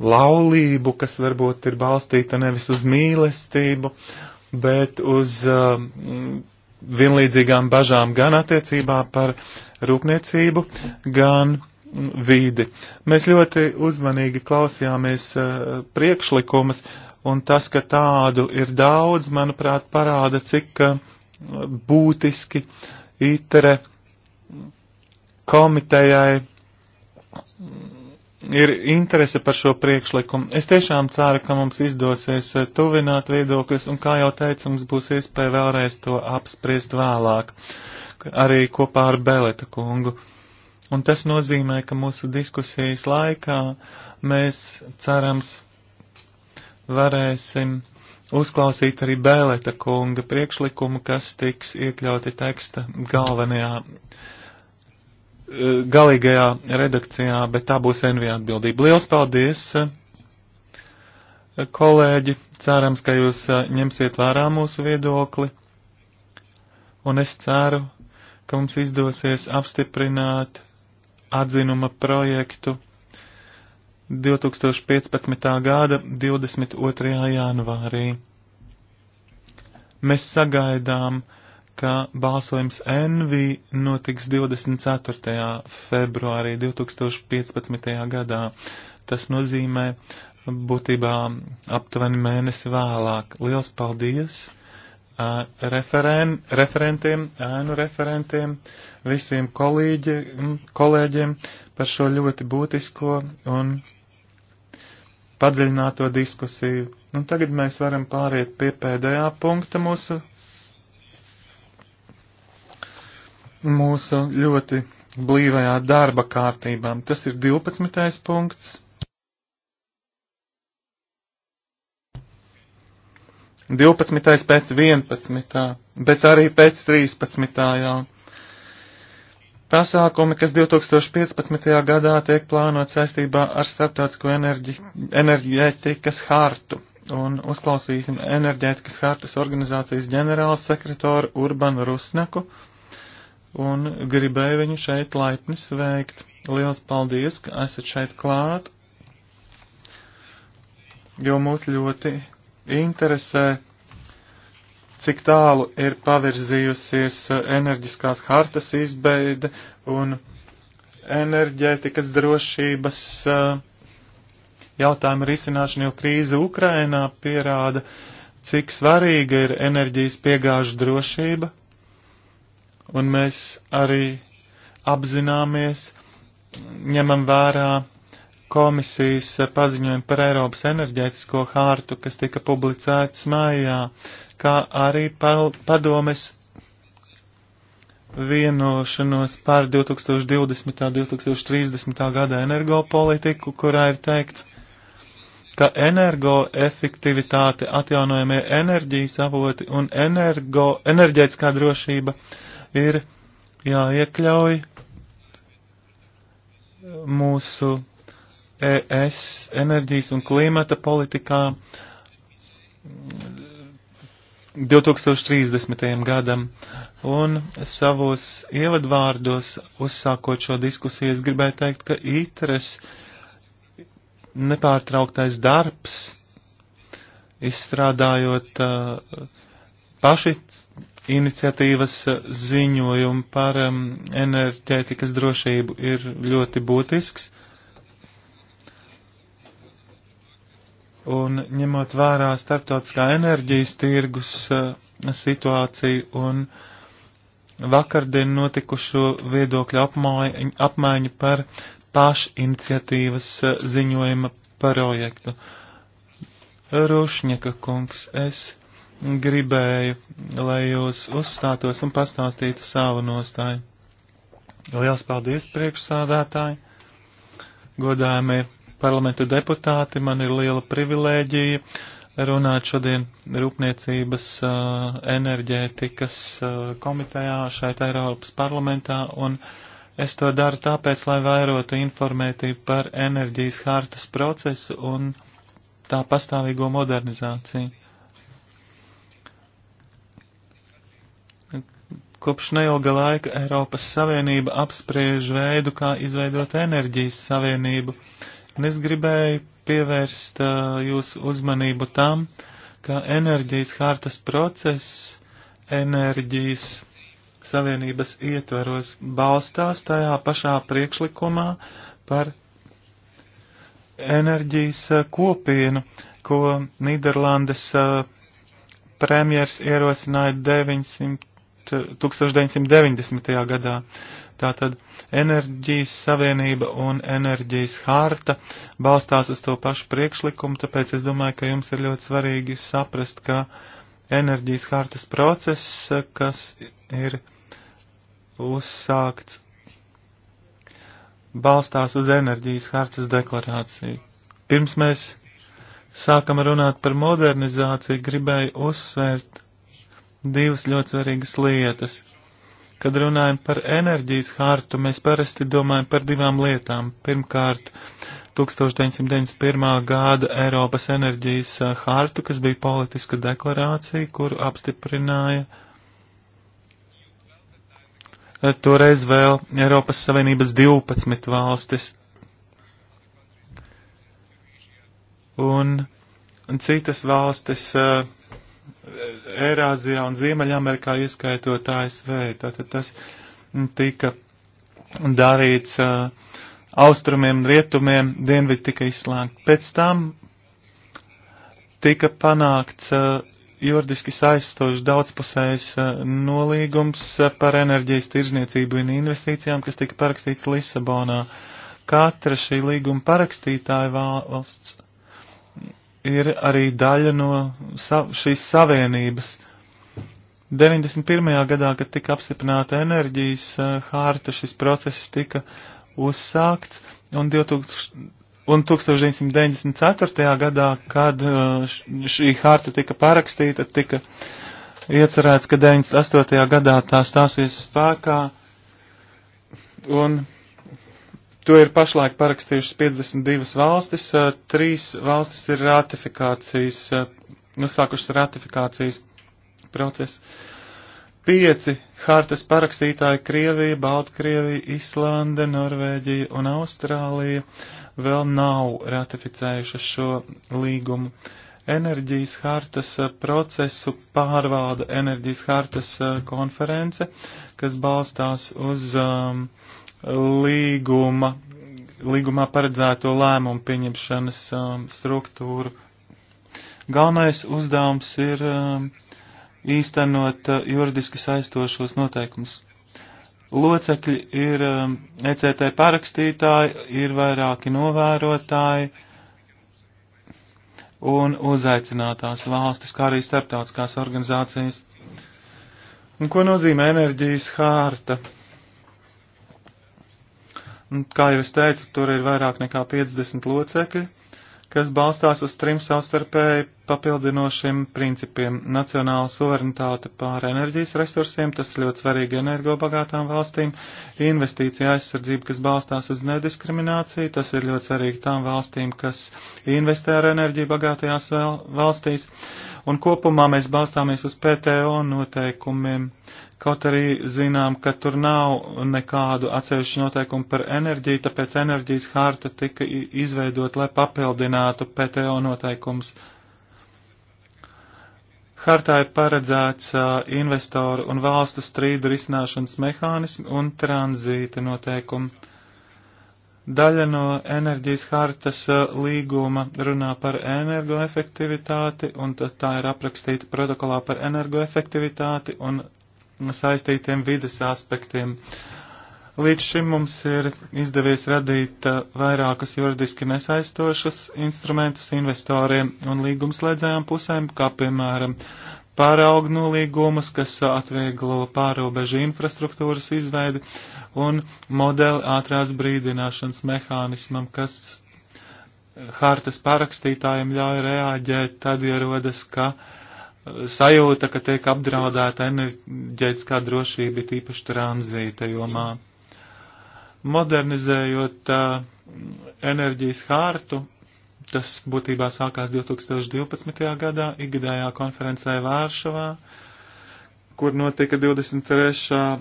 laulību, kas varbūt ir balstīta nevis uz mīlestību, bet uz uh, vienlīdzīgām bažām gan attiecībā par rūpniecību, gan vīdi. Mēs ļoti uzmanīgi klausījāmies eh, priekšlikumus, un tas, ka tādu ir daudz, manuprāt, parāda, cik eh, būtiski itere komitejai ir interese par šo priekšlikumu. Es tiešām ceru, ka mums izdosies eh, tuvināt viedokļus, un kā jau teicu, mums būs iespēja vēlreiz to apspriest vēlāk, arī kopā ar Beleta kungu. Un tas nozīmē, ka mūsu diskusijas laikā mēs cerams varēsim uzklausīt arī Bēleta kunga priekšlikumu, kas tiks iekļauti teksta galvenajā galīgajā redakcijā, bet tā būs NV atbildība. Liels paldies, kolēģi! Cerams, ka jūs eh, ņemsiet vērā mūsu viedokli, un es ceru, ka mums izdosies apstiprināt atzinuma projektu 2015. gada 22. janvārī. Mēs sagaidām, ka balsojums NV notiks 24. februārī 2015. gadā. Tas nozīmē būtībā aptuveni mēnesi vēlāk. Liels paldies! referen, referentiem, ēnu referentiem, visiem kolīģi, kolēģiem par šo ļoti būtisko un padziļināto diskusiju. Un tagad mēs varam pāriet pie pēdējā punkta mūsu mūsu ļoti blīvajā darba kārtībām. Tas ir 12. punkts. Divpadsmitais pēc vienpadsmitā, bet arī pēc trīspadsmitā jau. Pasākumi, kas 2015. gadā tiek plānot saistībā ar starptautisko enerģi, enerģētikas hartu, un uzklausīsim enerģētikas hartas organizācijas ģenerālsekretāru Urbanu Rusnaku, un gribēju viņu šeit laipni sveikt. Liels paldies, ka esat šeit klāt, jo mūs ļoti interesē, cik tālu ir pavirzījusies eh, enerģiskās hartas izbeide un enerģētikas drošības eh, jautājumu risināšana, jo krīze Ukrainā pierāda, cik svarīga ir enerģijas piegāžu drošība un mēs arī apzināmies, ņemam vērā komisijas paziņojumu par Eiropas enerģētisko hārtu, kas tika publicēts mājā, kā arī padomes vienošanos par 2020. un 2030. gada energopolitiku, kurā ir teikts, ka energoefektivitāte, atjaunojamie enerģijas avoti un energo, enerģētiskā drošība uh, ir jāiekļauj mūsu ES enerģijas un klimata politikā 2030. gadam. Un savos ievadvārdos uzsākot šo diskusiju, es gribēju teikt, ka ITRES nepārtrauktais darbs, izstrādājot uh, paši iniciatīvas eh, ziņojumi par um, enerģētikas drošību ir ļoti būtisks. Un ņemot vērā starptautiskā enerģijas tirgus uh, situāciju un vakardien notikušo viedokļu apmaiņu, apmaiņu par pašiniciatīvas uh, eh, ziņojuma projektu. Rušņaka kungs, es gribēju, lai jūs uzstātos un pastāstītu savu nostāju. Liels paldies priekšsādātāji, godājumie parlamentu deputāti, man ir liela privilēģija runāt šodien Rūpniecības enerģētikas komitejā šeit Eiropas parlamentā, un es to daru tāpēc, lai vairotu informētību par enerģijas hartas procesu un tā pastāvīgo modernizāciju. Kopš neilga laika Eiropas Savienība apspriež veidu, kā izveidot enerģijas savienību, un es gribēju pievērst uh, jūsu uzmanību tam, ka enerģijas hartas process enerģijas savienības ietveros balstās tajā pašā priekšlikumā par enerģijas uh, kopienu, ko Nīderlandes uh, premjers ierosināja 900 1990. Eh, gadā. Tātad enerģijas savienība un enerģijas harta balstās uz to pašu priekšlikumu, tāpēc es domāju, ka jums ir ļoti svarīgi saprast, ka enerģijas hartas process, eh, kas ir uzsākts, balstās uz enerģijas hartas deklarāciju. Pirms mēs sākam runāt par modernizāciju, gribēju uzsvērt divas ļoti svarīgas lietas. Kad runājam par enerģijas hartu, mēs parasti domājam par divām lietām. Pirmkārt, 1991. gada Eiropas enerģijas eh, hartu, kas bija politiska deklarācija, kuru apstiprināja eh, toreiz vēl Eiropas Savienības 12 valstis. Un citas valstis uh, Eirāzijā un Ziemeļamerikā, ieskaitot ASV. Tātad tas tika darīts uh, austrumiem, rietumiem, dienvidi tika izslēgti. Pēc tam tika panākts uh, juridiski saistošs daudzpusējs uh, nolīgums par enerģijas tirzniecību un investīcijām, kas tika parakstīts Lisabonā. Katra šī līguma parakstītāja valsts ir arī daļa no sa šīs savienības. 91. gadā, kad tika apstiprināta enerģijas eh, hārta, šis process tika uzsākts, un, 2000, un 1994. gadā, kad eh, šī hārta tika parakstīta, tika iecerēts, ka 98. gadā tā stāsies spēkā, un To ir pašlaik parakstījušas 52 valstis, trīs valstis ir ratifikācijas, uzsākušas ratifikācijas procesu. Pieci hartas parakstītāji - Krievija, Baltkrievija, Islande, Norvēģija un Austrālija - vēl nav ratificējuši šo līgumu. Enerģijas hartas procesu pārvalda Enerģijas hartas konference, kas balstās uz um, līguma, līgumā paredzēto lēmumu pieņemšanas um, struktūru. Galvenais uzdevums ir um, īstenot uh, juridiski saistošos noteikumus. Locekļi ir um, ECT parakstītāji, ir vairāki novērotāji un uzaicinātās valstis, kā arī starptautiskās organizācijas. Un ko nozīmē enerģijas hārta? Kā jau es teicu, tur ir vairāk nekā 50 locekļi, kas balstās uz trim savstarpēji papildinošiem principiem - nacionāla suverenitāte pār enerģijas resursiem, tas ir ļoti svarīgi energobagātām valstīm, investīcija aizsardzība, kas balstās uz nediskrimināciju, tas ir ļoti svarīgi tām valstīm, kas investē ar enerģiju bagātajās valstīs, un kopumā mēs balstāmies uz PTO noteikumiem. Kaut arī zinām, ka tur nav nekādu atsevišķu noteikumu par enerģiju, tāpēc enerģijas harta tika izveidot, lai papildinātu PTO noteikumus. Hartā ir paredzēts investoru un valstu strīdu risināšanas mehānismi un tranzīta noteikumi. Daļa no enerģijas hartas līguma runā par energoefektivitāti, un tā ir aprakstīta protokolā par energoefektivitāti un saistītiem vides aspektiem. Uh, Līdz šim mums ir izdevies radīt uh, vairākus juridiski nesaistošus instrumentus investoriem un līgumslēdzējām pusēm, kā piemēram pāraugu nolīgumus, kas uh, atvieglo pārobežu infrastruktūras izveidi un modeli ātrās brīdināšanas mehānismam, kas uh, hartas parakstītājiem ļauj reaģēt tad, ja rodas, ka sajūta, ka tiek apdraudēta enerģētiskā drošība, tīpaši tranzīta jomā modernizējot uh, enerģijas hārtu, tas būtībā sākās 2012. gadā ikgadējā konferencē Vāršavā, kur notika 23.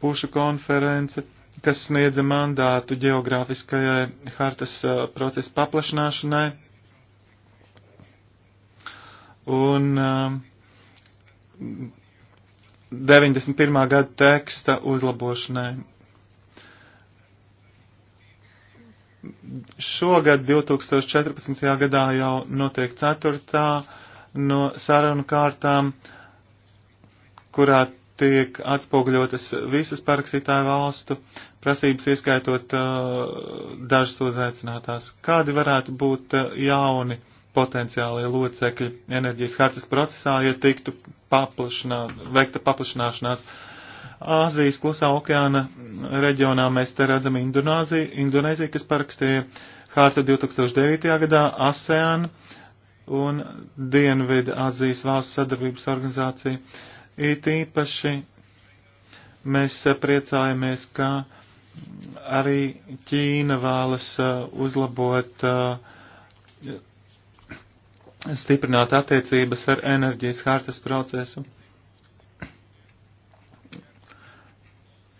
pušu konference, kas sniedza mandātu geogrāfiskajai hartas uh, procesa paplašināšanai. Un uh, 91. gada teksta uzlabošanai Šogad 2014. gadā jau notiek ceturtā no sarunu kārtām, kurā tiek atspoguļotas visas parakstītāju valstu prasības, ieskaitot uh, dažas uzaicinātās. Kādi varētu būt uh, jauni potenciālie locekļi enerģijas hartas procesā, ja tiktu paplašanā, veikta paplašanāšanās? Uh, Āzijas klusā okeāna reģionā mēs te redzam Indonāziju, Indonēziju, kas parakstīja hārtu 2009. gadā, ASEAN un Dienvidu Āzijas valsts sadarbības organizācija. It īpaši mēs priecājamies, ka arī Ķīna vēlas uh, uzlabot, uh, stiprināt attiecības ar enerģijas hārtas procesu.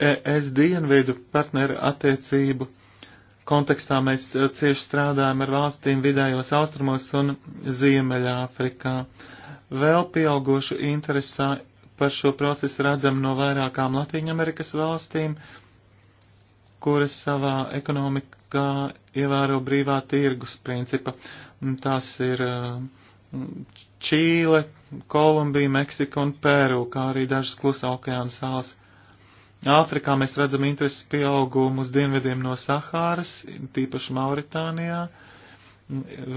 ES dienvidu partneru attiecību kontekstā mēs e, cieši strādājam ar valstīm vidējos austrumos un Ziemeļāfrikā. Vēl pieaugušu interesā par šo procesu redzam no vairākām Latīņamerikas valstīm, kuras savā ekonomikā ievēro brīvā tirgus principa. Tās ir e, Čīle, Kolumbija, Meksika un Pēru, kā arī dažas klusā okeāna salas. Āfrikā mēs redzam intereses pieaugumu uz dienvediem no Sahāras, tīpaši Mauritānijā.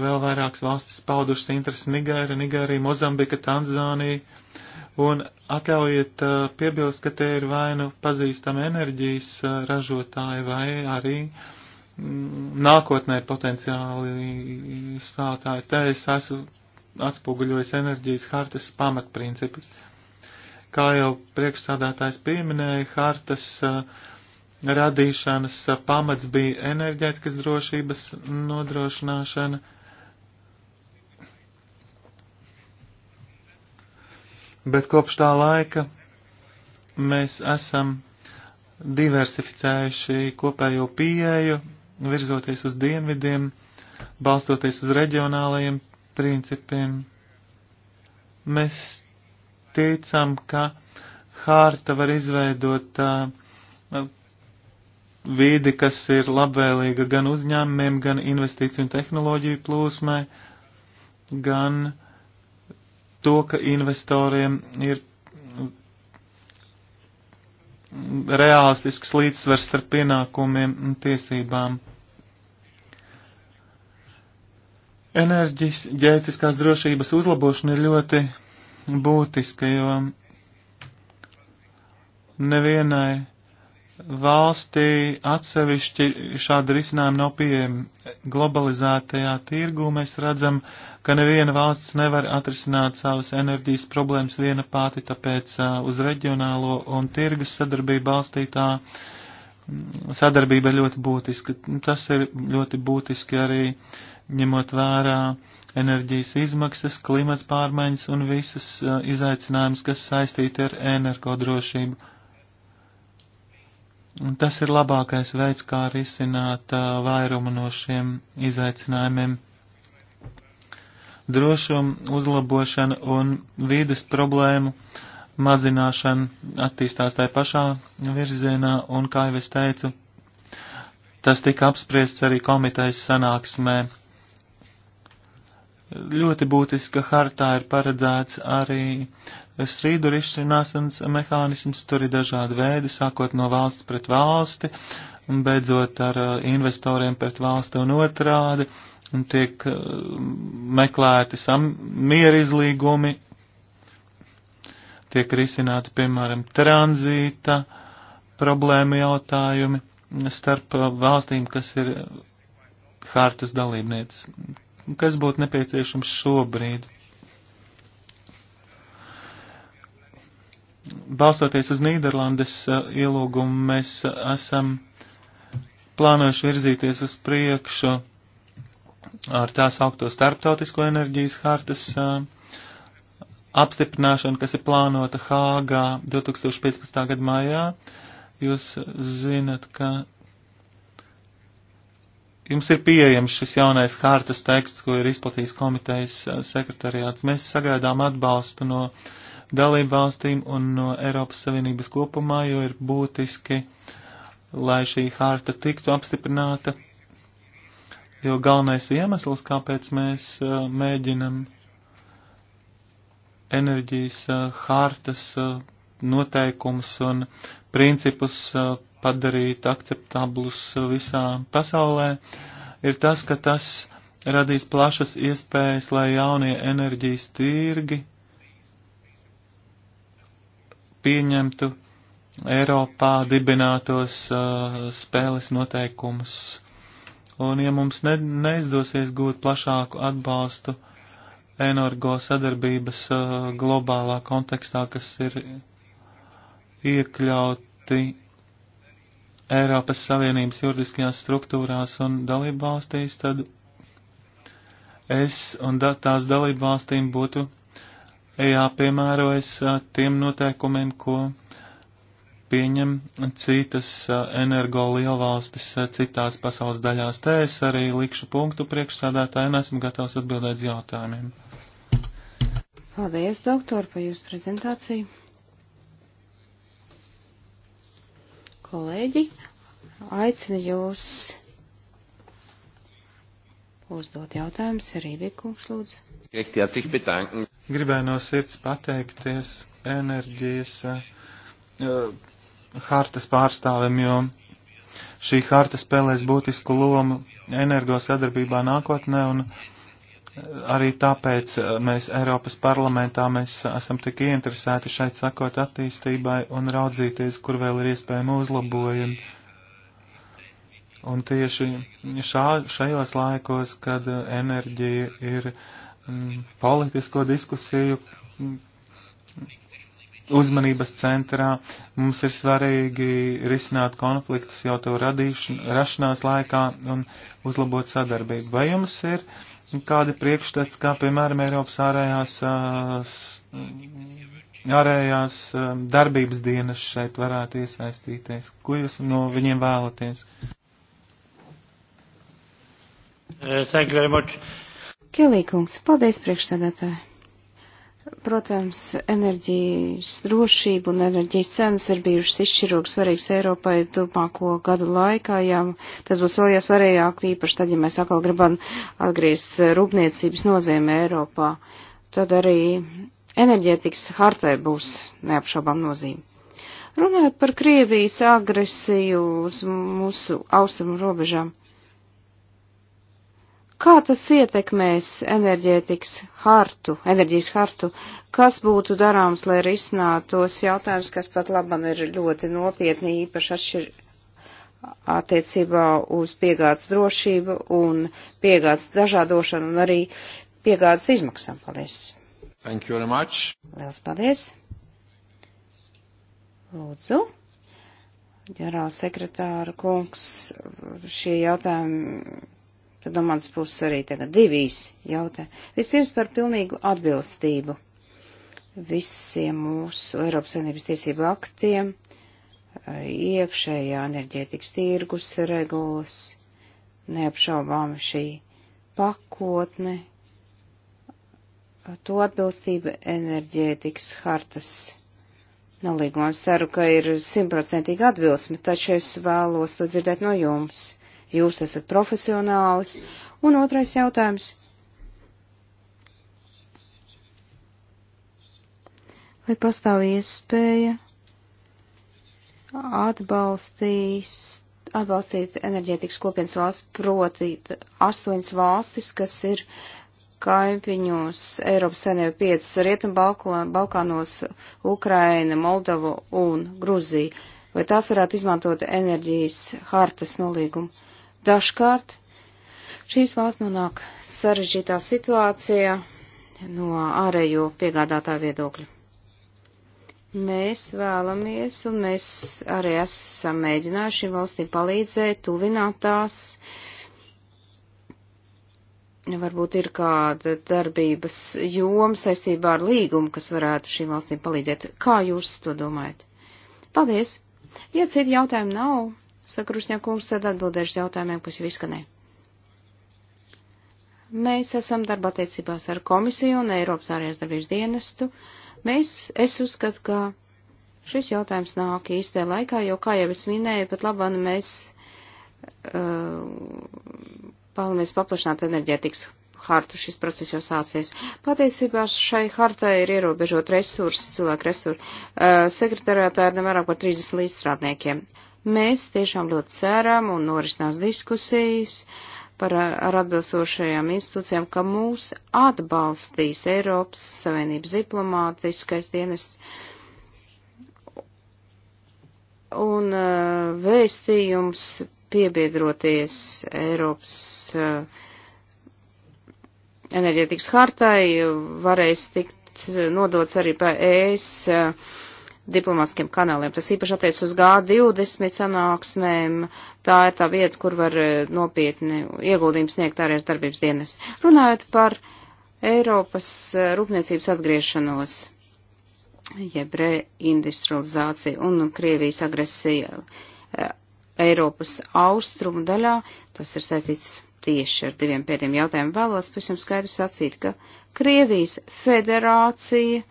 Vēl vairākas valstis paudušas intereses Nigēra, Nigērija, Mozambika, Tanzānija. Un atļaujiet piebilst, ka te ir vai nu pazīstama enerģijas ražotāji vai arī mm, nākotnē potenciāli spēlētāji. Te es esmu atspoguļojis enerģijas hartas pamatprincipus. principus Kā jau priekšsādātājs pieminēja, hartas uh, radīšanas uh, pamats bija enerģētikas drošības nodrošināšana. Bet kopš tā laika mēs esam diversificējuši kopējo pieeju, virzoties uz dienvidiem, balstoties uz reģionālajiem principiem. Mēs ticam, ka hārta var izveidot uh, vīdi, kas ir labvēlīga gan uzņēmumiem, gan investīciju un tehnoloģiju plūsmai, gan to, ka investoriem ir reālistisks līdzsvers starp pienākumiem un tiesībām. Enerģijas ģētiskās drošības uzlabošana ir ļoti būtiska, jo nevienai valstī atsevišķi šādi risinājumi nav pieejami. Globalizētajā tirgū mēs redzam, ka neviena valsts nevar atrisināt savas enerģijas problēmas viena pati, tāpēc uh, uz reģionālo un tirgus sadarbību balstītā sadarbība ir ļoti būtiska. Tas ir ļoti būtiski arī uh, ņemot vērā enerģijas izmaksas, klimata pārmaiņas un visas uh, izaicinājumus, kas saistīti ar energodrošību. Un tas ir labākais veids, kā risināt uh, vairumu no šiem izaicinājumiem. Drošuma uzlabošana un vīdes problēmu mazināšana attīstās tajā pašā virzienā, un, kā jau es teicu, tas tika apspriests arī komitejas sanāksmē Ļoti būtiski, ka hartā ir paredzēts arī strīdu risināšanas mehānisms, tur ir dažādi veidi, sākot no valsts pret valsti, un beidzot ar uh, investoriem pret valsti un otrādi, un tiek uh, meklēti mierizlīgumi, tiek risināti, piemēram, tranzīta problēma jautājumi starp uh, valstīm, kas ir hartas dalībnieces. Kas būtu nepieciešams šobrīd? Balstoties uz Nīderlandes eh, ielūgumu, mēs eh, esam plānojuši virzīties uz priekšu ar tās augto starptautisko enerģijas hartas uh, apstiprināšanu, kas ir plānota Hāgā 2015. gada maijā. Jūs zinat, ka Jums ir pieejams šis jaunais hārtas teksts, ko ir izplatījis komitejas eh, sekretariāts. Mēs sagaidām atbalstu no dalību valstīm un no Eiropas Savienības kopumā, jo ir būtiski, lai šī hārta tiktu apstiprināta, jo galvenais iemesls, kāpēc mēs eh, mēģinam enerģijas hārtas eh, noteikumus un principus padarīt akceptablus visā pasaulē, ir tas, ka tas radīs plašas iespējas, lai jaunie enerģijas tirgi pieņemtu Eiropā dibinātos uh, spēles noteikumus. Un ja mums ne, neizdosies gūt plašāku atbalstu energo sadarbības uh, globālā kontekstā, kas ir iekļauti Eiropas Savienības juridiskajās struktūrās un dalību valstīs, tad es un da tās dalību valstīm būtu jāpiemērojas tiem noteikumiem, ko pieņem citas energo lielvalstis citās pasaules daļās. Te es arī likšu punktu priekšsādātāju un esmu gatavs atbildēt jautājumiem. Paldies, doktor, par jūsu prezentāciju. kolēģi, aicinu jūs uzdot jautājumus arī Vikungs lūdzu. Gribēju no sirds pateikties enerģijas uh, hartas pārstāvim, jo šī harta spēlēs būtisku lomu energo sadarbībā nākotnē un uh, Arī tāpēc eh, mēs Eiropas parlamentā mēs esam tik ieinteresēti šeit sakot attīstībai un raudzīties, kur vēl ir iespējama uzlabojuma. Un tieši šā, šajos laikos, kad eh, enerģija ir m, mm, politisko diskusiju m, mm, uzmanības centrā, mums ir svarīgi risināt konfliktus jau to radīšanu, rašanās laikā un uzlabot sadarbību. Vai jums ir uh, Nu, kādi priekšstats, kā piemēram Eiropas ārējās, ārējās darbības dienas šeit varētu iesaistīties? Ko jūs no viņiem vēlaties? Uh, Kelīkungs, paldies priekšsēdētāji. Protams, enerģijas drošība un enerģijas cenas ir bijušas izšķirīgi svarīgas Eiropai turpmāko gadu laikā, ja tas būs vēl jāsvarējāk, īpaši tad, ja mēs atkal gribam atgriezt rūpniecības nozīme Eiropā, tad arī enerģētikas hartai būs neapšaubām nozīme. Runājot par Krievijas agresiju uz mūsu austrumu robežām Kā tas ietekmēs enerģētikas hartu, enerģijas hartu? Kas būtu darāms, lai risinātu tos jautājumus, kas pat laban ir ļoti nopietni, īpaši atšķir attiecībā uz piegādes drošību un piegādes dažādošanu un arī piegādes izmaksām? Paldies! Thank you very much! Lielas paldies! Lūdzu! ģenerāla sekretāra kungs, šie jautājumi Tad no manas puses arī tagad divi īsi jautājumi. Vispirms par pilnīgu atbilstību visiem mūsu Eiropas Savienības tiesību aktiem, iekšējā enerģētikas tirgus regulas, neapšaubām šī pakotne, to atbilstība enerģētikas hartas nolīgumam. Ceru, ka ir simtprocentīgi atbilsme, taču es vēlos to dzirdēt no jums jūs esat profesionālis. Un otrais jautājums. Vai pastāv iespēja atbalstīs, atbalstīt enerģētikas kopienas valsts, proti astoņas valstis, kas ir kaimiņos Eiropas Savienība 5, Rietum Balkānos, Ukraina, Moldova un Gruzija. Vai tās varētu izmantot enerģijas hartas nolīgumu? Dažkārt šīs valsts nonāk sarežģītā situācijā no ārējo piegādātāju viedokļa. Mēs vēlamies, un mēs arī esam mēģinājuši valstī palīdzēt, tuvināt tās. Varbūt ir kāda darbības joma saistībā ar līgumu, kas varētu šīm valstīm palīdzēt. Kā jūs to domājat? Paldies! Ja citu jautājumu nav, Sakrušņākums tad atbildēšu jautājumiem, kas jau izskanēja. Mēs esam darba attiecībās ar komisiju un Eiropas ārējās darbības dienestu. Mēs, es uzskatu, ka šis jautājums nāk īstē laikā, jo, kā jau es minēju, pat labāk mēs uh, vēlamies paplašināt enerģētikas hartu, šis process jau sācies. Patiesībā šai hartai ir ierobežot resursi, cilvēku resursi. Uh, sekretariātā ir nevairāk par 30 līdzstrādniekiem. Uh, Mēs tiešām ļoti ceram un norisinās diskusijas par, ar atbilstošajām institūcijām, ka mūs atbalstīs Eiropas Savienības diplomātiskais dienests un uh, vēstījums piebiedroties Eiropas uh, enerģētikas hartai varēs tikt nodots arī pa ES uh, diplomātiskiem kanāliem. Tas īpaši attiec uz G20 sanāksmēm. Tā ir tā vieta, kur var eh, nopietni ieguldījums sniegt arī ar darbības dienas. Runājot par Eiropas eh, rūpniecības atgriešanos, jeb reindustrializāciju un Krievijas agresiju eh, Eiropas austrumu daļā, tas ir saistīts tieši ar diviem pēdējiem jautājumiem. Vēlos pēc tam skaidri sacīt, ka Krievijas federācija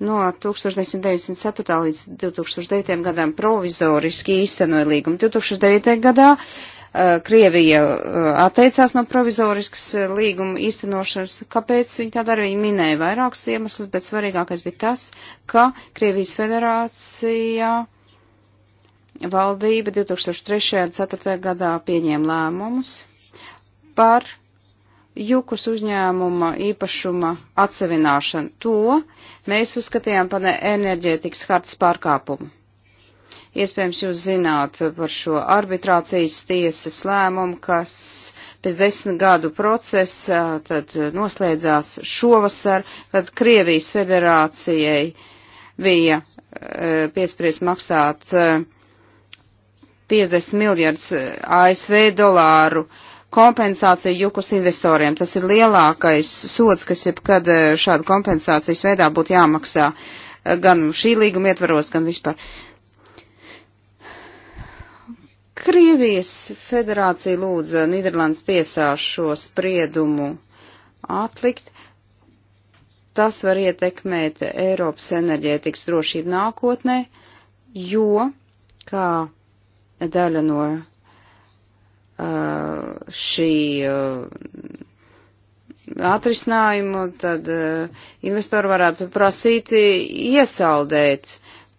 no 1994. līdz 2009. gadam provizoriski īstenoja līgumu. 2009. gadā uh, Krievija uh, atteicās no provizoriskas uh, līguma īstenošanas. Kāpēc viņi tā darīja? Viņi minēja vairākus iemeslus, bet svarīgākais bija tas, ka Krievijas federācijā valdība 2003. un 2004. gadā pieņēma lēmumus par jukus uzņēmuma īpašuma atsevināšanu. To mēs uzskatījām par enerģētikas hartas pārkāpumu. Iespējams, jūs zināt par šo arbitrācijas tiesas lēmumu, kas pēc desmit gadu procesa tad noslēdzās šovasar, kad Krievijas federācijai bija e, piespries maksāt 50 e, miljardus e, ASV dolāru uh, kompensācija jukus investoriem. Tas ir lielākais sods, kas jebkad eh, šāda kompensācijas veidā būtu jāmaksā eh, gan šī līguma ietvaros, gan vispār. Krievijas federācija lūdza eh, Nīderlandes tiesā šo spriedumu atlikt. Tas var ietekmēt Eiropas enerģētikas drošību nākotnē, jo, kā daļa no Uh, šī uh, atrisinājumu, tad uh, investori varētu prasīt iesaldēt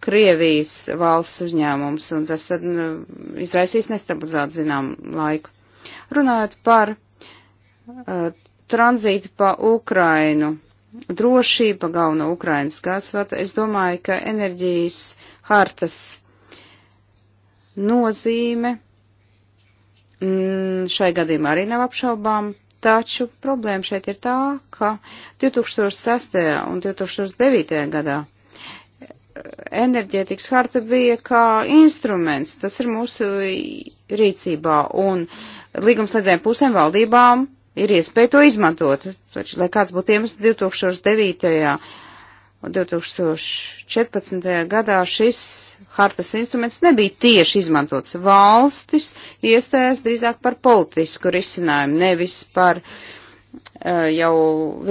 Krievijas valsts uzņēmums, un tas tad nu, izraisīs nestabilizētu zinām laiku. Runājot par uh, tranzītu pa Ukrainu, drošība galveno Ukrainas gāzvata, es domāju, ka enerģijas hartas nozīme mm, šai gadījumā arī nav apšaubām, taču problēma šeit ir tā, ka 2006. un 2009. gadā enerģētikas harta bija kā instruments, tas ir mūsu rīcībā, un līgumslēdzējiem pusēm valdībām ir iespēja to izmantot. Taču, lai kāds būtu iemesls 2009. Un 2014. gadā šis hartas instruments nebija tieši izmantots. Valstis iestājās drīzāk par politisku risinājumu, nevis par uh, jau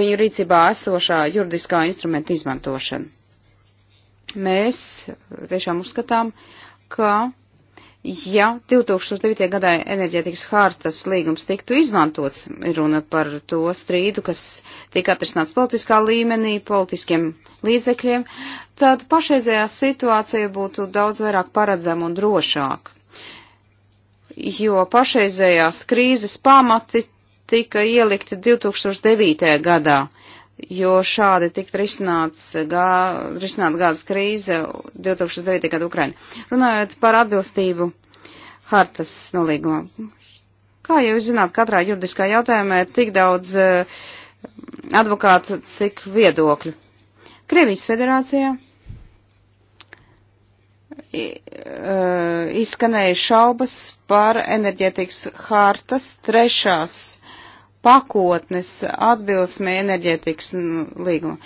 viņu rīcībā esošā juridiskā instrumenta izmantošanu. Mēs tiešām uzskatām, ka Ja 2009. gadā enerģētikas hartas līgums tiktu izmantots, runa par to strīdu, kas tika atrisināts politiskā līmenī, politiskiem līdzekļiem, tad pašreizējā situācija būtu daudz vairāk paredzama un drošāka. Jo pašreizējās krīzes pamati tika ielikti 2009. gadā jo šādi tikt risināts gā, risināt gāzes krīze 2009. gada Ukraina. Runājot par atbilstību hartas nolīgumam. Kā jau jūs zināt, katrā juridiskā jautājumā ir tik daudz eh, advokātu, cik viedokļu. Krievijas federācijā eh, izskanēja šaubas par enerģētikas hartas trešās pakotnes atbilsmē enerģētikas līguma.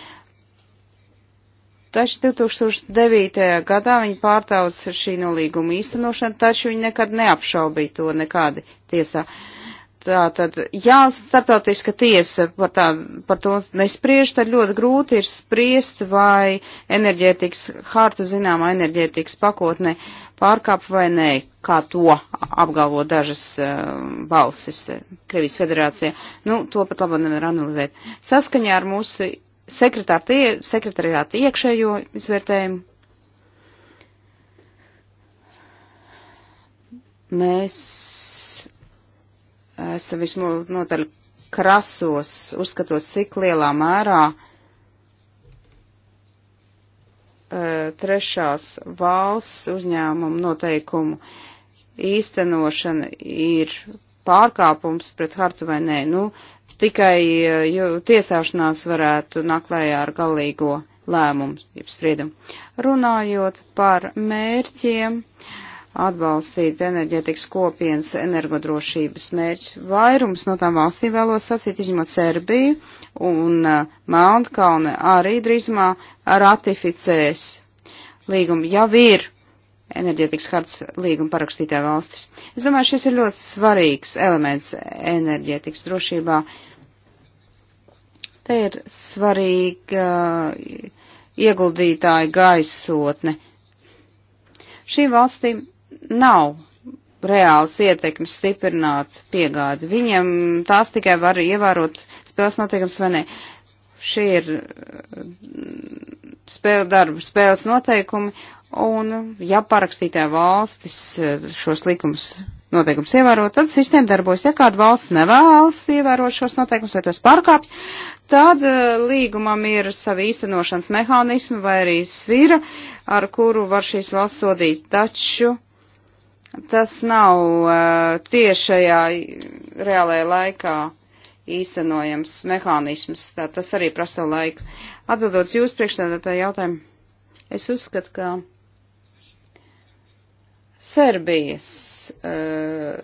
Taču 2009. gadā viņi pārtauca šī nolīguma īstenošanu, taču viņi nekad neapšaubīja to nekādi tiesā. Tātad, ja starptautiska tiesa par, tā, par to nespriež, tad ļoti grūti ir spriest, vai enerģētikas harta zināmā enerģētikas pakotne uh, pārkāpa vai nē, kā to apgalvo dažas uh, balsis eh, Krievijas federācijā. Nu, to pat labāk nevar analizēt. Saskaņā ar mūsu sekretariāta iekšējo izvērtējumu mēs esam visnotaļ krasos, uzskatot, cik lielā mērā uh, E, trešās valsts uzņēmumu noteikumu īstenošana ir pārkāpums pret hartu vai nē. Nu, tikai e, tiesāšanās varētu naklējā ar galīgo lēmumu, jeb spriedumu. Runājot par mērķiem, atbalstīt enerģetikas kopienas energodrošības mērķi, vairums no tām valstīm vēlos sacīt, izņemot Serbiju, un uh, Melnkalne arī drīzumā ratificēs līgumu, jau ir enerģētikas hartas līguma parakstītā valstis. Es domāju, šis ir ļoti svarīgs elements enerģētikas drošībā. Te ir svarīga uh, ieguldītāja gaisotne. Šīm valstīm nav reāls ietekmes stiprināt piegādi. Viņam tās tikai var ievērot spēles noteikums vai nē. Šie ir mm, spēle, darba spēles noteikumi, un ja parakstītā valstis eh, šos likumus noteikums ievēro, tad sistēma darbojas. Ja kāda valsts nevēlas ievērot šos noteikumus vai tos pārkāpj, tad eh, līgumam ir savi īstenošanas mehānismi vai arī svira, ar kuru var šīs valsts sodīt. Taču tas nav uh, tiešajā reālajā laikā īstenojams mehānisms. Tā tas arī prasa laiku. Atbildot jūs priekšstādātāju jautājumu, es uzskatu, ka Serbijas uh,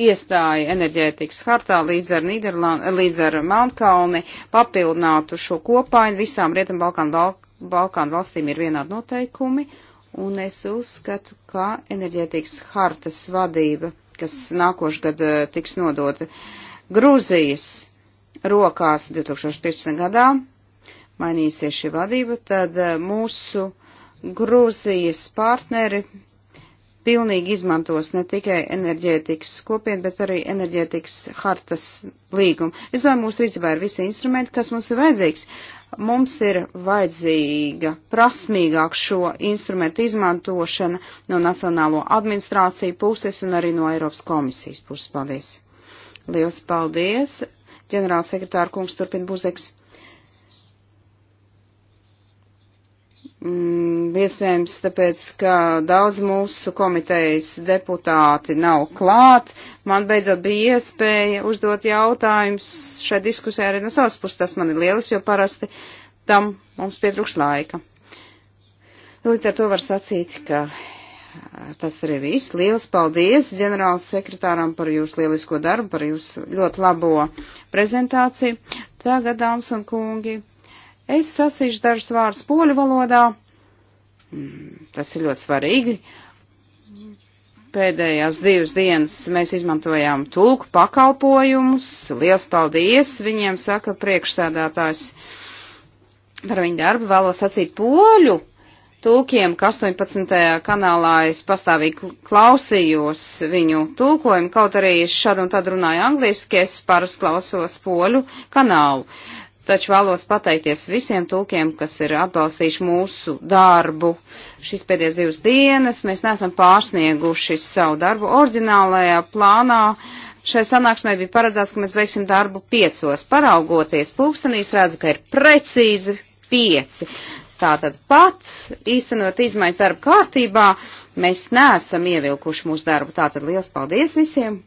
iestāja enerģētikas hartā līdz ar, Nīderland, līdz ar Melnkalni papildinātu šo kopainu. Visām Rietumbalkānu Balk Balkānu valstīm ir vienādi noteikumi, un es uzskatu, ka enerģētikas hartas vadība kas nākošgad eh, tiks nodota Grūzijas rokās 2015. gadā, mainīsies šī vadība, tad eh, mūsu Grūzijas partneri pilnīgi izmantos ne tikai enerģētikas kopienu, bet arī enerģētikas hartas līgumu. Es domāju, mūsu rīcībā ir visi instrumenti, kas mums ir vajadzīgs. Mums ir vajadzīga prasmīgāk šo instrumentu izmantošana no Nacionālo administrāciju puses un arī no Eiropas komisijas puses. Paldies! Liels paldies! ģenerālsekretāra kungs turpina buzeks. Mm, iespējams, tāpēc, ka daudz mūsu komitejas deputāti nav klāt, man beidzot bija iespēja uzdot jautājumus šai diskusijai arī no savas puses. Tas man ir lielis, jo parasti tam mums pietrūks laika. Līdz ar to var sacīt, ka tas arī viss. Lielas paldies ģenerāls sekretāram par jūsu lielisko darbu, par jūsu ļoti labo prezentāciju. Tagad, dāmas un kungi Es sasīšu dažus vārdus poļu valodā. Tas ir ļoti svarīgi. Pēdējās divas dienas mēs izmantojām tulku pakalpojumus. Liels paldies viņiem, saka priekšsēdētājs. Par viņu darbu vēlos sacīt poļu tulkiem, ka 18. kanālā es pastāvīgi klausījos viņu tulkojumu, kaut arī šad un tad runāju angliski, es parasti klausos poļu kanālu taču vēlos pateikties visiem tulkiem, kas ir atbalstījuši mūsu darbu. Šīs pēdējās divas dienas mēs neesam pārsnieguši savu darbu orģinālajā plānā. Šai sanāksmē bija paredzēts, ka mēs veiksim darbu piecos. Paraugoties pulkstenīs, redzu, ka ir precīzi pieci. Tātad pat īstenot izmaiņas darba kārtībā, mēs neesam ievilkuši mūsu darbu. Tātad liels paldies visiem!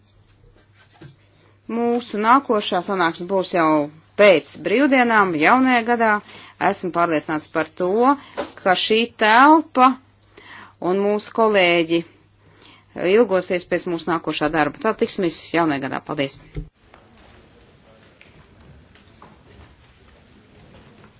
Mūsu nākošā sanāksme būs jau pēc brīvdienām jaunajā gadā. Esmu pārliecināts par to, ka šī telpa un mūsu kolēģi ilgosies pēc mūsu nākošā darba. Tā tiksimies jaunajā gadā. Paldies!